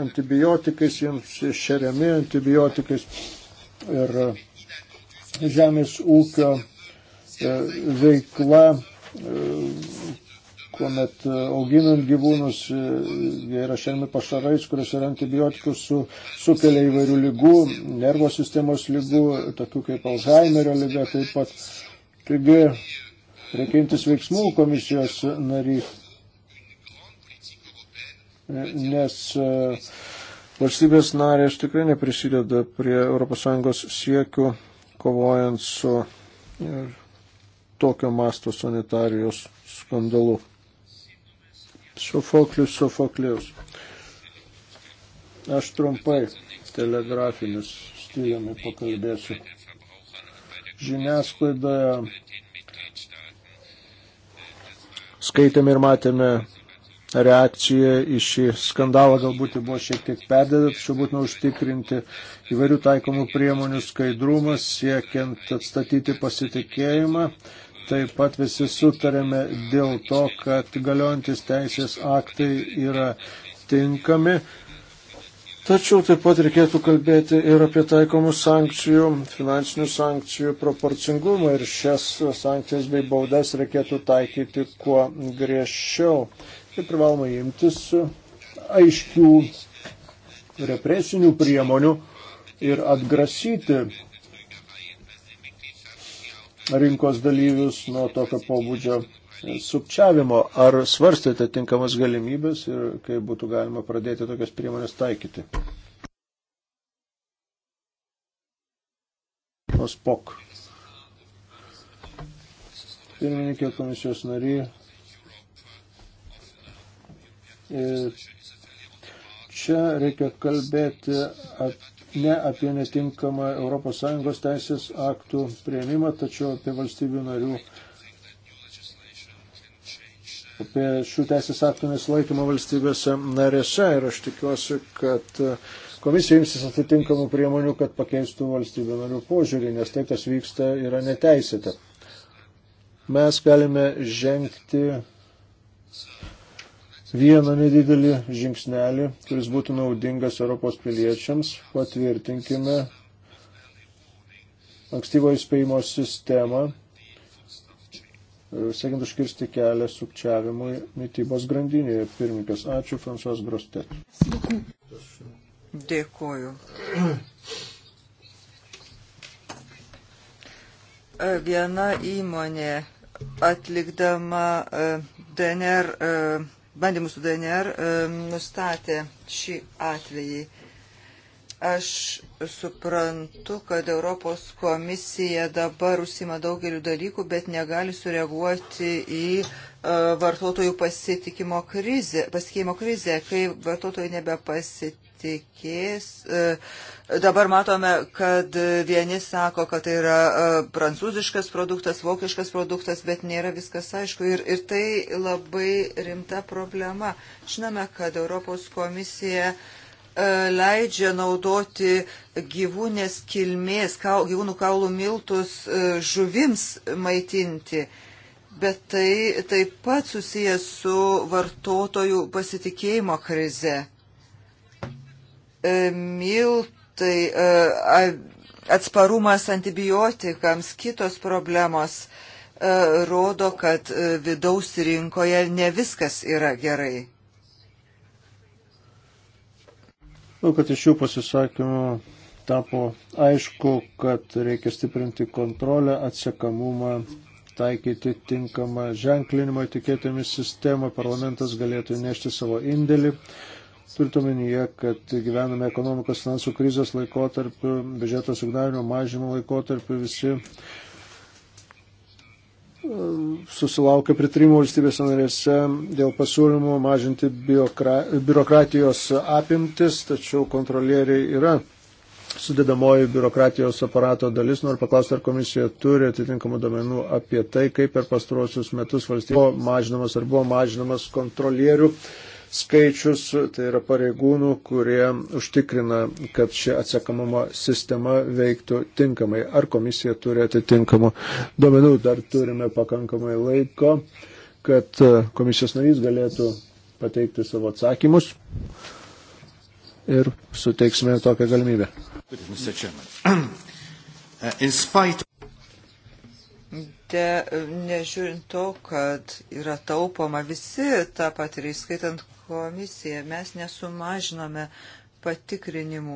[SPEAKER 3] antibiotikais, jiems šeriami antibiotikais ir žemės ūkio veikla kuomet e, auginant gyvūnus, e, jie yra šiandien pašarais, kurios yra antibiotikus, su, sukelia įvairių lygų, nervo sistemos lygų, tokių kaip Alzheimerio lyga taip pat. Taigi, reikintis veiksmų komisijos nariai, nes e, valstybės narės tikrai neprisideda prie ES siekių kovojant su tokio masto sanitarijos skandalu. Sofoklius Sofoklius. Aš trumpai telegrafinius stiliumi pakalbėsiu. Žiniasklaidoje skaitėme ir matėme reakcija į šį skandalą galbūt buvo šiek tiek perdėta, tačiau būtina užtikrinti įvairių taikomų priemonių skaidrumą, siekiant atstatyti pasitikėjimą. Taip pat visi sutarėme dėl to, kad galiojantis teisės aktai yra tinkami. Tačiau taip pat reikėtų kalbėti ir apie taikomų sankcijų, finansinių sankcijų proporcingumą ir šias sankcijas bei baudas reikėtų taikyti kuo griežčiau. Tai privaloma imtis aiškių represinių priemonių ir atgrasyti rinkos dalyvius nuo tokio pobūdžio sukčiavimo. Ar svarstėte tinkamas galimybės ir kaip būtų galima pradėti tokias priemonės taikyti? Ospok. Pirmininkė komisijos nariai. Čia reikia kalbėti apie ne apie netinkamą ES teisės aktų prieimimą, tačiau apie valstybių narių, apie šių teisės aktų nesilaikymą valstybėse narėse. Ir aš tikiuosi, kad komisija imsis atitinkamų priemonių, kad pakeistų valstybių narių požiūrį, nes tai, kas vyksta, yra neteisėta. Mes galime žengti vieną nedidelį žingsnelį, kuris būtų naudingas Europos piliečiams, patvirtinkime ankstyvo įspėjimo sistemą, e, siekiant užkirsti kelią sukčiavimui mytybos grandinėje. Pirmininkas, ačiū, Fransuas Grostet.
[SPEAKER 2] Dėkuoju. E, viena įmonė atlikdama e, DNR bandymų su DNR e, nustatė šį atvejį. Aš suprantu, kad Europos komisija dabar užsima daugeliu dalykų, bet negali sureaguoti į e, vartotojų pasitikimo krizę, pasitikimo krizę, kai vartotojai nebepasitikimo tikės. E, dabar matome, kad vieni sako, kad tai yra e, prancūziškas produktas, vokiškas produktas, bet nėra viskas aišku. Ir, ir tai labai rimta problema. Žinome, kad Europos komisija e, leidžia naudoti gyvūnės kilmės, gyvūnų kaulų miltus žuvims maitinti. Bet tai taip pat susijęs su vartotojų pasitikėjimo krize. E, miltai, e, atsparumas antibiotikams, kitos problemos e, rodo, kad vidaus rinkoje ne viskas yra gerai.
[SPEAKER 3] Nu, kad iš jų pasisakymų tapo aišku, kad reikia stiprinti kontrolę, atsekamumą, taikyti tinkamą ženklinimo etiketėmis sistemą, parlamentas galėtų nešti savo indėlį. Turint omenyje, kad gyvename ekonomikos finansų krizės laikotarpiu, biudžeto signavimo mažimo laikotarpiu, visi e, susilaukia pritarimo valstybės narėse dėl pasiūlymų mažinti biurokratijos apimtis, tačiau kontrolieriai yra sudėdamoji biurokratijos aparato dalis. Noriu paklausti, ar komisija turi atitinkamų domenų apie tai, kaip per pastrosius metus valstybė buvo mažinamas ar buvo mažinamas kontrolierių skaičius, tai yra pareigūnų, kurie užtikrina, kad ši atsakamumo sistema veiktų tinkamai. Ar komisija turi atitinkamų duomenų, dar turime pakankamai laiko, kad e, komisijos narys galėtų pateikti savo atsakymus ir suteiksime tokią galimybę.
[SPEAKER 2] De, nežiūrint to, kad yra taupoma visi tą patirį, skaitant komisija, mes nesumažinome patikrinimų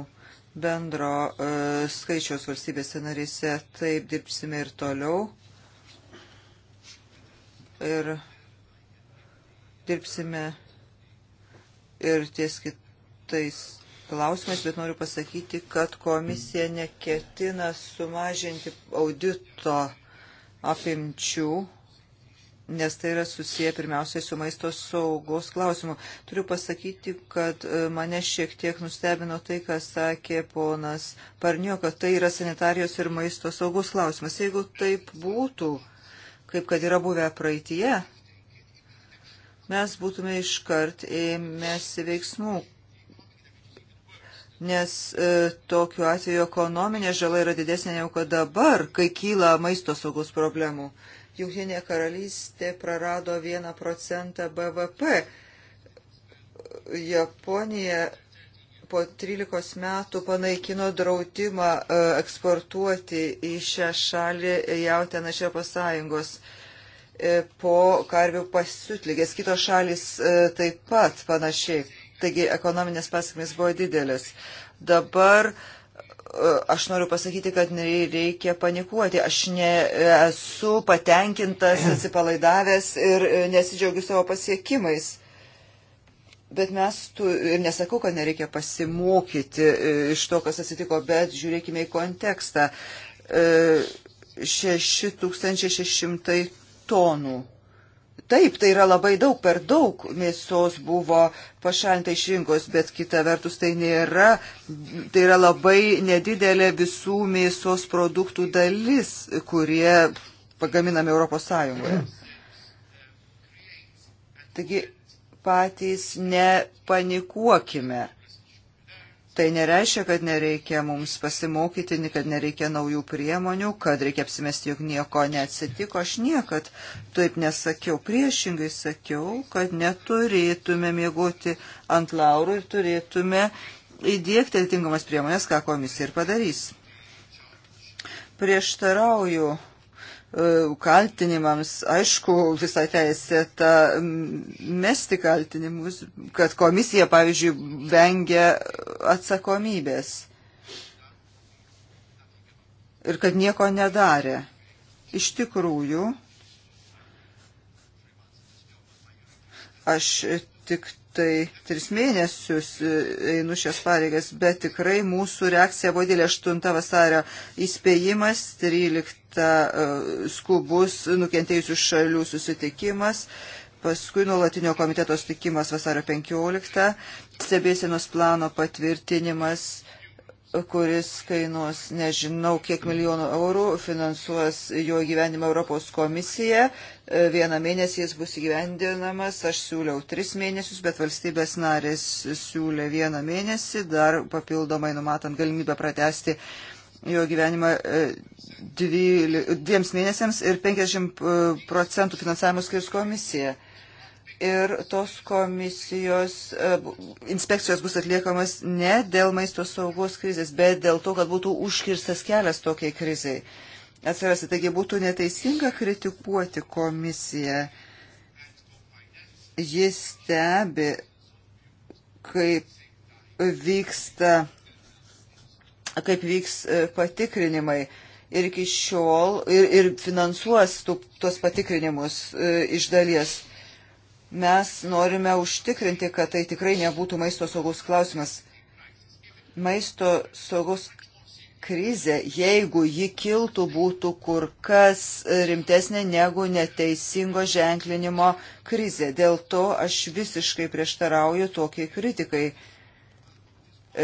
[SPEAKER 2] bendro e, skaičiaus valstybėse narėse, taip dirbsime ir toliau. Ir dirbsime ir ties kitais klausimais, bet noriu pasakyti, kad komisija neketina sumažinti audito apimčių nes tai yra susiję pirmiausiai su maisto saugos klausimu. Turiu pasakyti, kad e, mane šiek tiek nustebino tai, ką sakė ponas Parnio, kad tai yra sanitarijos ir maisto saugos klausimas. Jeigu taip būtų, kaip kad yra buvę praeitie, mes būtume iškart ėmėsi veiksmų, nes e, tokiu atveju ekonominė žala yra didesnė negu kad dabar, kai kyla maisto saugos problemų. E, Jungtinė karalystė prarado 1 procentą BVP. Japonija po 13 metų panaikino draudimą e, eksportuoti į šią šalį jautieną iš Europos Sąjungos e, po karvių pasiutlygės. Kitos šalis e, taip pat panašiai. Taigi ekonominės pasiekmes buvo didelis. Dabar uh, aš noriu pasakyti, kad nereikia panikuoti. Aš nesu patenkintas, atsipalaidavęs ir e, nesidžiaugiu savo pasiekimais. Bet mes, tu, ir nesakau, kad nereikia pasimokyti e, iš to, kas atsitiko, bet žiūrėkime į kontekstą. 6600 e, tonų Taip, tai yra labai daug, per daug mėsos buvo pašalinta iš rinkos, bet kita vertus tai nėra, tai yra labai nedidelė visų mėsos produktų dalis, kurie pagaminami Europos Sąjungoje. Taigi patys nepanikuokime Tai nereiškia, kad nereikia mums pasimokyti, kad nereikia naujų priemonių, kad reikia apsimesti, jog nieko neatsitiko. Aš niekad taip nesakiau. Priešingai sakiau, kad neturėtume mėgoti ant laurų ir turėtume įdėkti atitinkamas priemonės, ką komisija ir padarys. Prieštarauju E, kaltinimams, aišku, visą teisę tą mesti kaltinimus, kad komisija, pavyzdžiui, vengia atsakomybės ir kad nieko nedarė. Iš tikrųjų, aš tik tai tris mėnesius e, einu šias pareigas, bet tikrai mūsų reakcija buvo dėlė 8 vasario įspėjimas, 13 e, skubus nukentėjusių šalių susitikimas, paskui nuolatinio komiteto sutikimas vasario 15, stebėsienos plano patvirtinimas kuris kainuos nežinau kiek milijonų eurų, finansuos jo gyvenimą Europos komisija. E, vieną mėnesį jis bus įgyvendinamas, aš siūliau tris mėnesius, bet valstybės narės siūlė vieną mėnesį, dar papildomai numatant galimybę pratesti jo gyvenimą e, dviems mėnesiams ir 50 e, procentų finansavimo skirs komisija ir tos komisijos e, inspekcijos bus atliekamas ne dėl maisto saugos krizės, bet dėl to, kad būtų užkirstas kelias tokiai krizai. Atsirasti, taigi būtų neteisinga kritikuoti komisiją. Jis stebi, kaip vyksta, kaip vyks e, patikrinimai ir iki šiol ir, ir finansuos tų, tuos patikrinimus e, iš dalies Mes norime užtikrinti, kad tai tikrai nebūtų maisto saugos klausimas. Maisto saugos krizė, jeigu ji kiltų, būtų kur kas rimtesnė negu neteisingo ženklinimo krizė. Dėl to aš visiškai prieštarauju tokiai kritikai.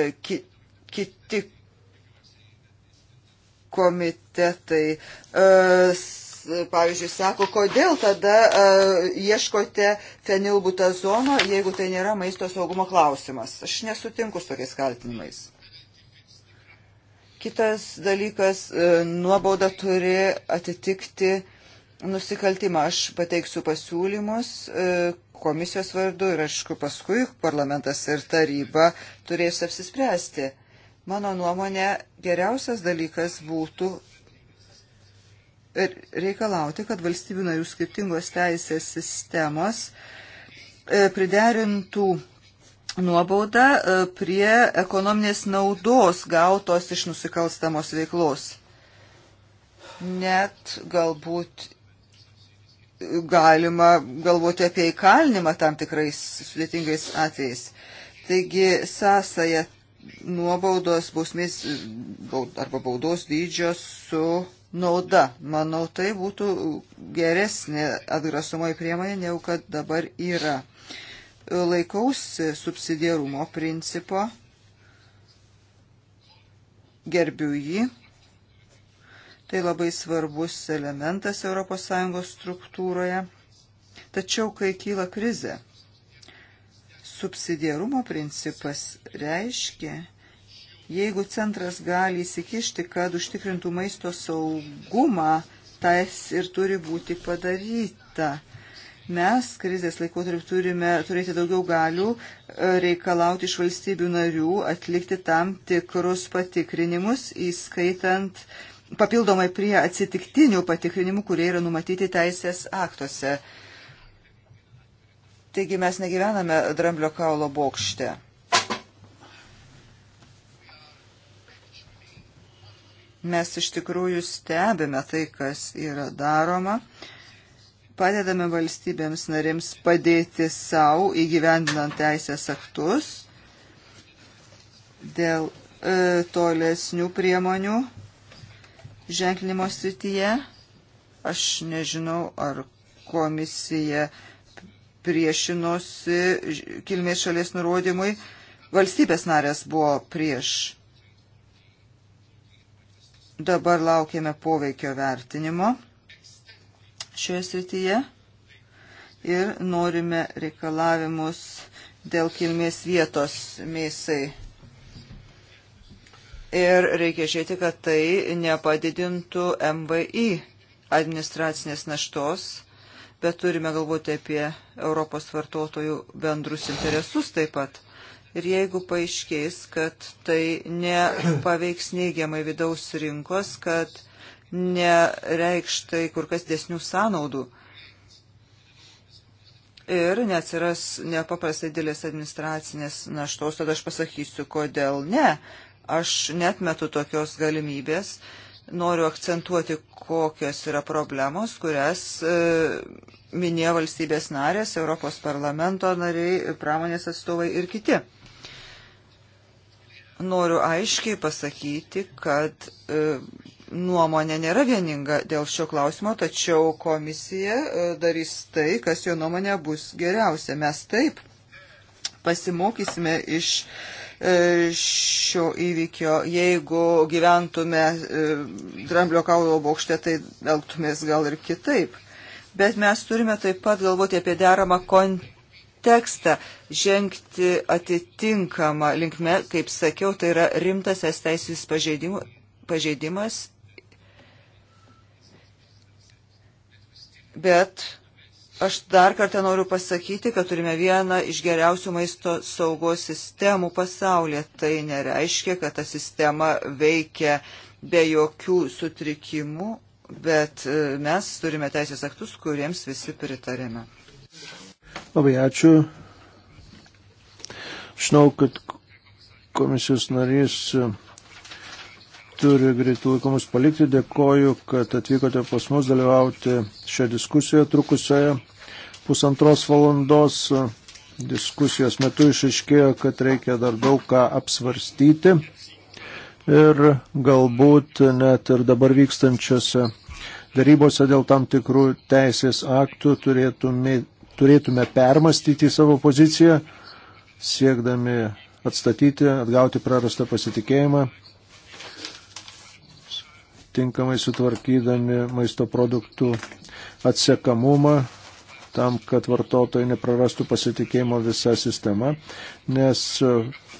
[SPEAKER 2] E, ki, kiti komitetai. Uh, pavyzdžiui, sako, kodėl tada uh, ieškote fenilbutazono, jeigu tai nėra maisto saugumo klausimas. Aš nesutinku su tokiais kaltinimais. Kitas dalykas, uh, nuobauda turi atitikti nusikaltimą. Aš pateiksiu pasiūlymus uh, komisijos vardu ir, aišku, paskui parlamentas ir taryba turės apsispręsti. Mano nuomonė, geriausias dalykas būtų reikalauti, kad valstybių narių skirtingos teisės sistemos e, priderintų nuobaudą e, prie ekonominės naudos gautos iš nusikalstamos veiklos. Net galbūt galima galvoti apie įkalinimą tam tikrais sudėtingais atvejais. Taigi sąsaja nuobaudos bausmės arba baudos dydžio su nauda. Manau, tai būtų geresnė atgrasomoji priemonė, negu kad dabar yra. Laikausi subsidiarumo principo, gerbiu jį. Tai labai svarbus elementas ES struktūroje. Tačiau, kai kyla krizė, subsidiarumo principas reiškia, Jeigu centras gali įsikišti, kad užtikrintų maisto saugumą, tas ir turi būti padaryta. Mes krizės laikotarpiu turime turėti daugiau galių e, reikalauti iš valstybių narių atlikti tam tikrus patikrinimus, įskaitant papildomai prie atsitiktinių patikrinimų, kurie yra numatyti teisės aktuose. Taigi mes negyvename dramblio kaulo bokšte. Mes iš tikrųjų stebime tai, kas yra daroma, padedame valstybėms narėms padėti savo įgyvendinant teisės aktus dėl e, tolesnių priemonių ženklinimo srityje. Aš nežinau, ar komisija priešinosi kilmės šalies nurodymui. Valstybės narės buvo prieš Dabar laukiame poveikio vertinimo šioje srityje ir norime reikalavimus dėl kilmės vietos mėsai. Ir reikia žiūrėti, kad tai nepadidintų MVI administracinės naštos, bet turime galvoti apie Europos vartotojų bendrus interesus taip pat ir jeigu paaiškės, kad tai nepaveiks neigiamai vidaus rinkos, kad nereikštai kur kas desnių sąnaudų ir neatsiras nepaprastai dėlės administracinės naštos, tada aš pasakysiu, kodėl ne. Aš net metu tokios galimybės, noriu akcentuoti, kokios yra problemos, kurias e, minėjo valstybės narės, Europos parlamento nariai, pramonės atstovai ir kiti noriu aiškiai pasakyti, kad e, nuomonė nėra vieninga dėl šio klausimo, tačiau komisija e, darys tai, kas jo nuomonė bus geriausia. Mes taip pasimokysime iš e, šio įvykio. Jeigu gyventume e, dramblio kaulo bokšte, tai elgtumės gal ir kitaip. Bet mes turime taip pat galvoti apie deramą kontekstą tekstą, žengti atitinkamą linkme, kaip sakiau, tai yra rimtas es teisės pažeidimas, bet aš dar kartą noriu pasakyti, kad turime vieną iš geriausių maisto saugos sistemų pasaulyje. Tai nereiškia, kad ta sistema veikia be jokių sutrikimų, bet e, mes turime teisės aktus, kuriems visi pritarėme.
[SPEAKER 3] Labai ačiū. Žinau, kad komisijos narys e, turi greitų laikų mus palikti. Dėkoju, kad atvykote pas mus dalyvauti šią diskusiją trukusioje pusantros valandos. Diskusijos metu išaiškėjo, kad reikia dar daug ką apsvarstyti ir galbūt net ir dabar vykstančiose darybose dėl tam tikrų teisės aktų turėtume turėtume permastyti savo poziciją, siekdami atstatyti, atgauti prarastą pasitikėjimą, tinkamai sutvarkydami maisto produktų atsekamumą tam, kad vartotojai neprarastų pasitikėjimo visa sistema, nes e,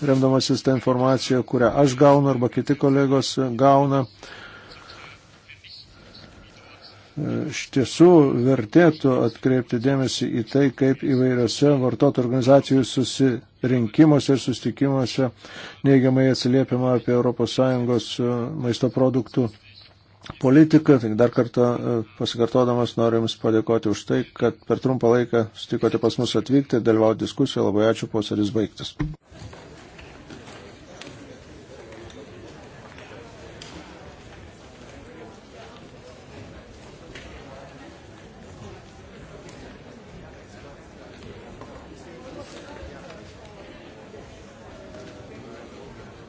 [SPEAKER 3] remdamasis tą informaciją, kurią aš gaunu arba kiti kolegos gauna, iš tiesų vertėtų atkreipti dėmesį į tai, kaip įvairiose vartotojų organizacijų susirinkimuose ir sustikimuose neigiamai atsiliepiama apie ES maisto produktų politiką. Tai dar kartą e, pasikartodamas noriu Jums padėkoti už tai, kad per trumpą laiką stikote pas mus atvykti, dalyvauti diskusijoje. Labai ačiū, posėdis baigtas.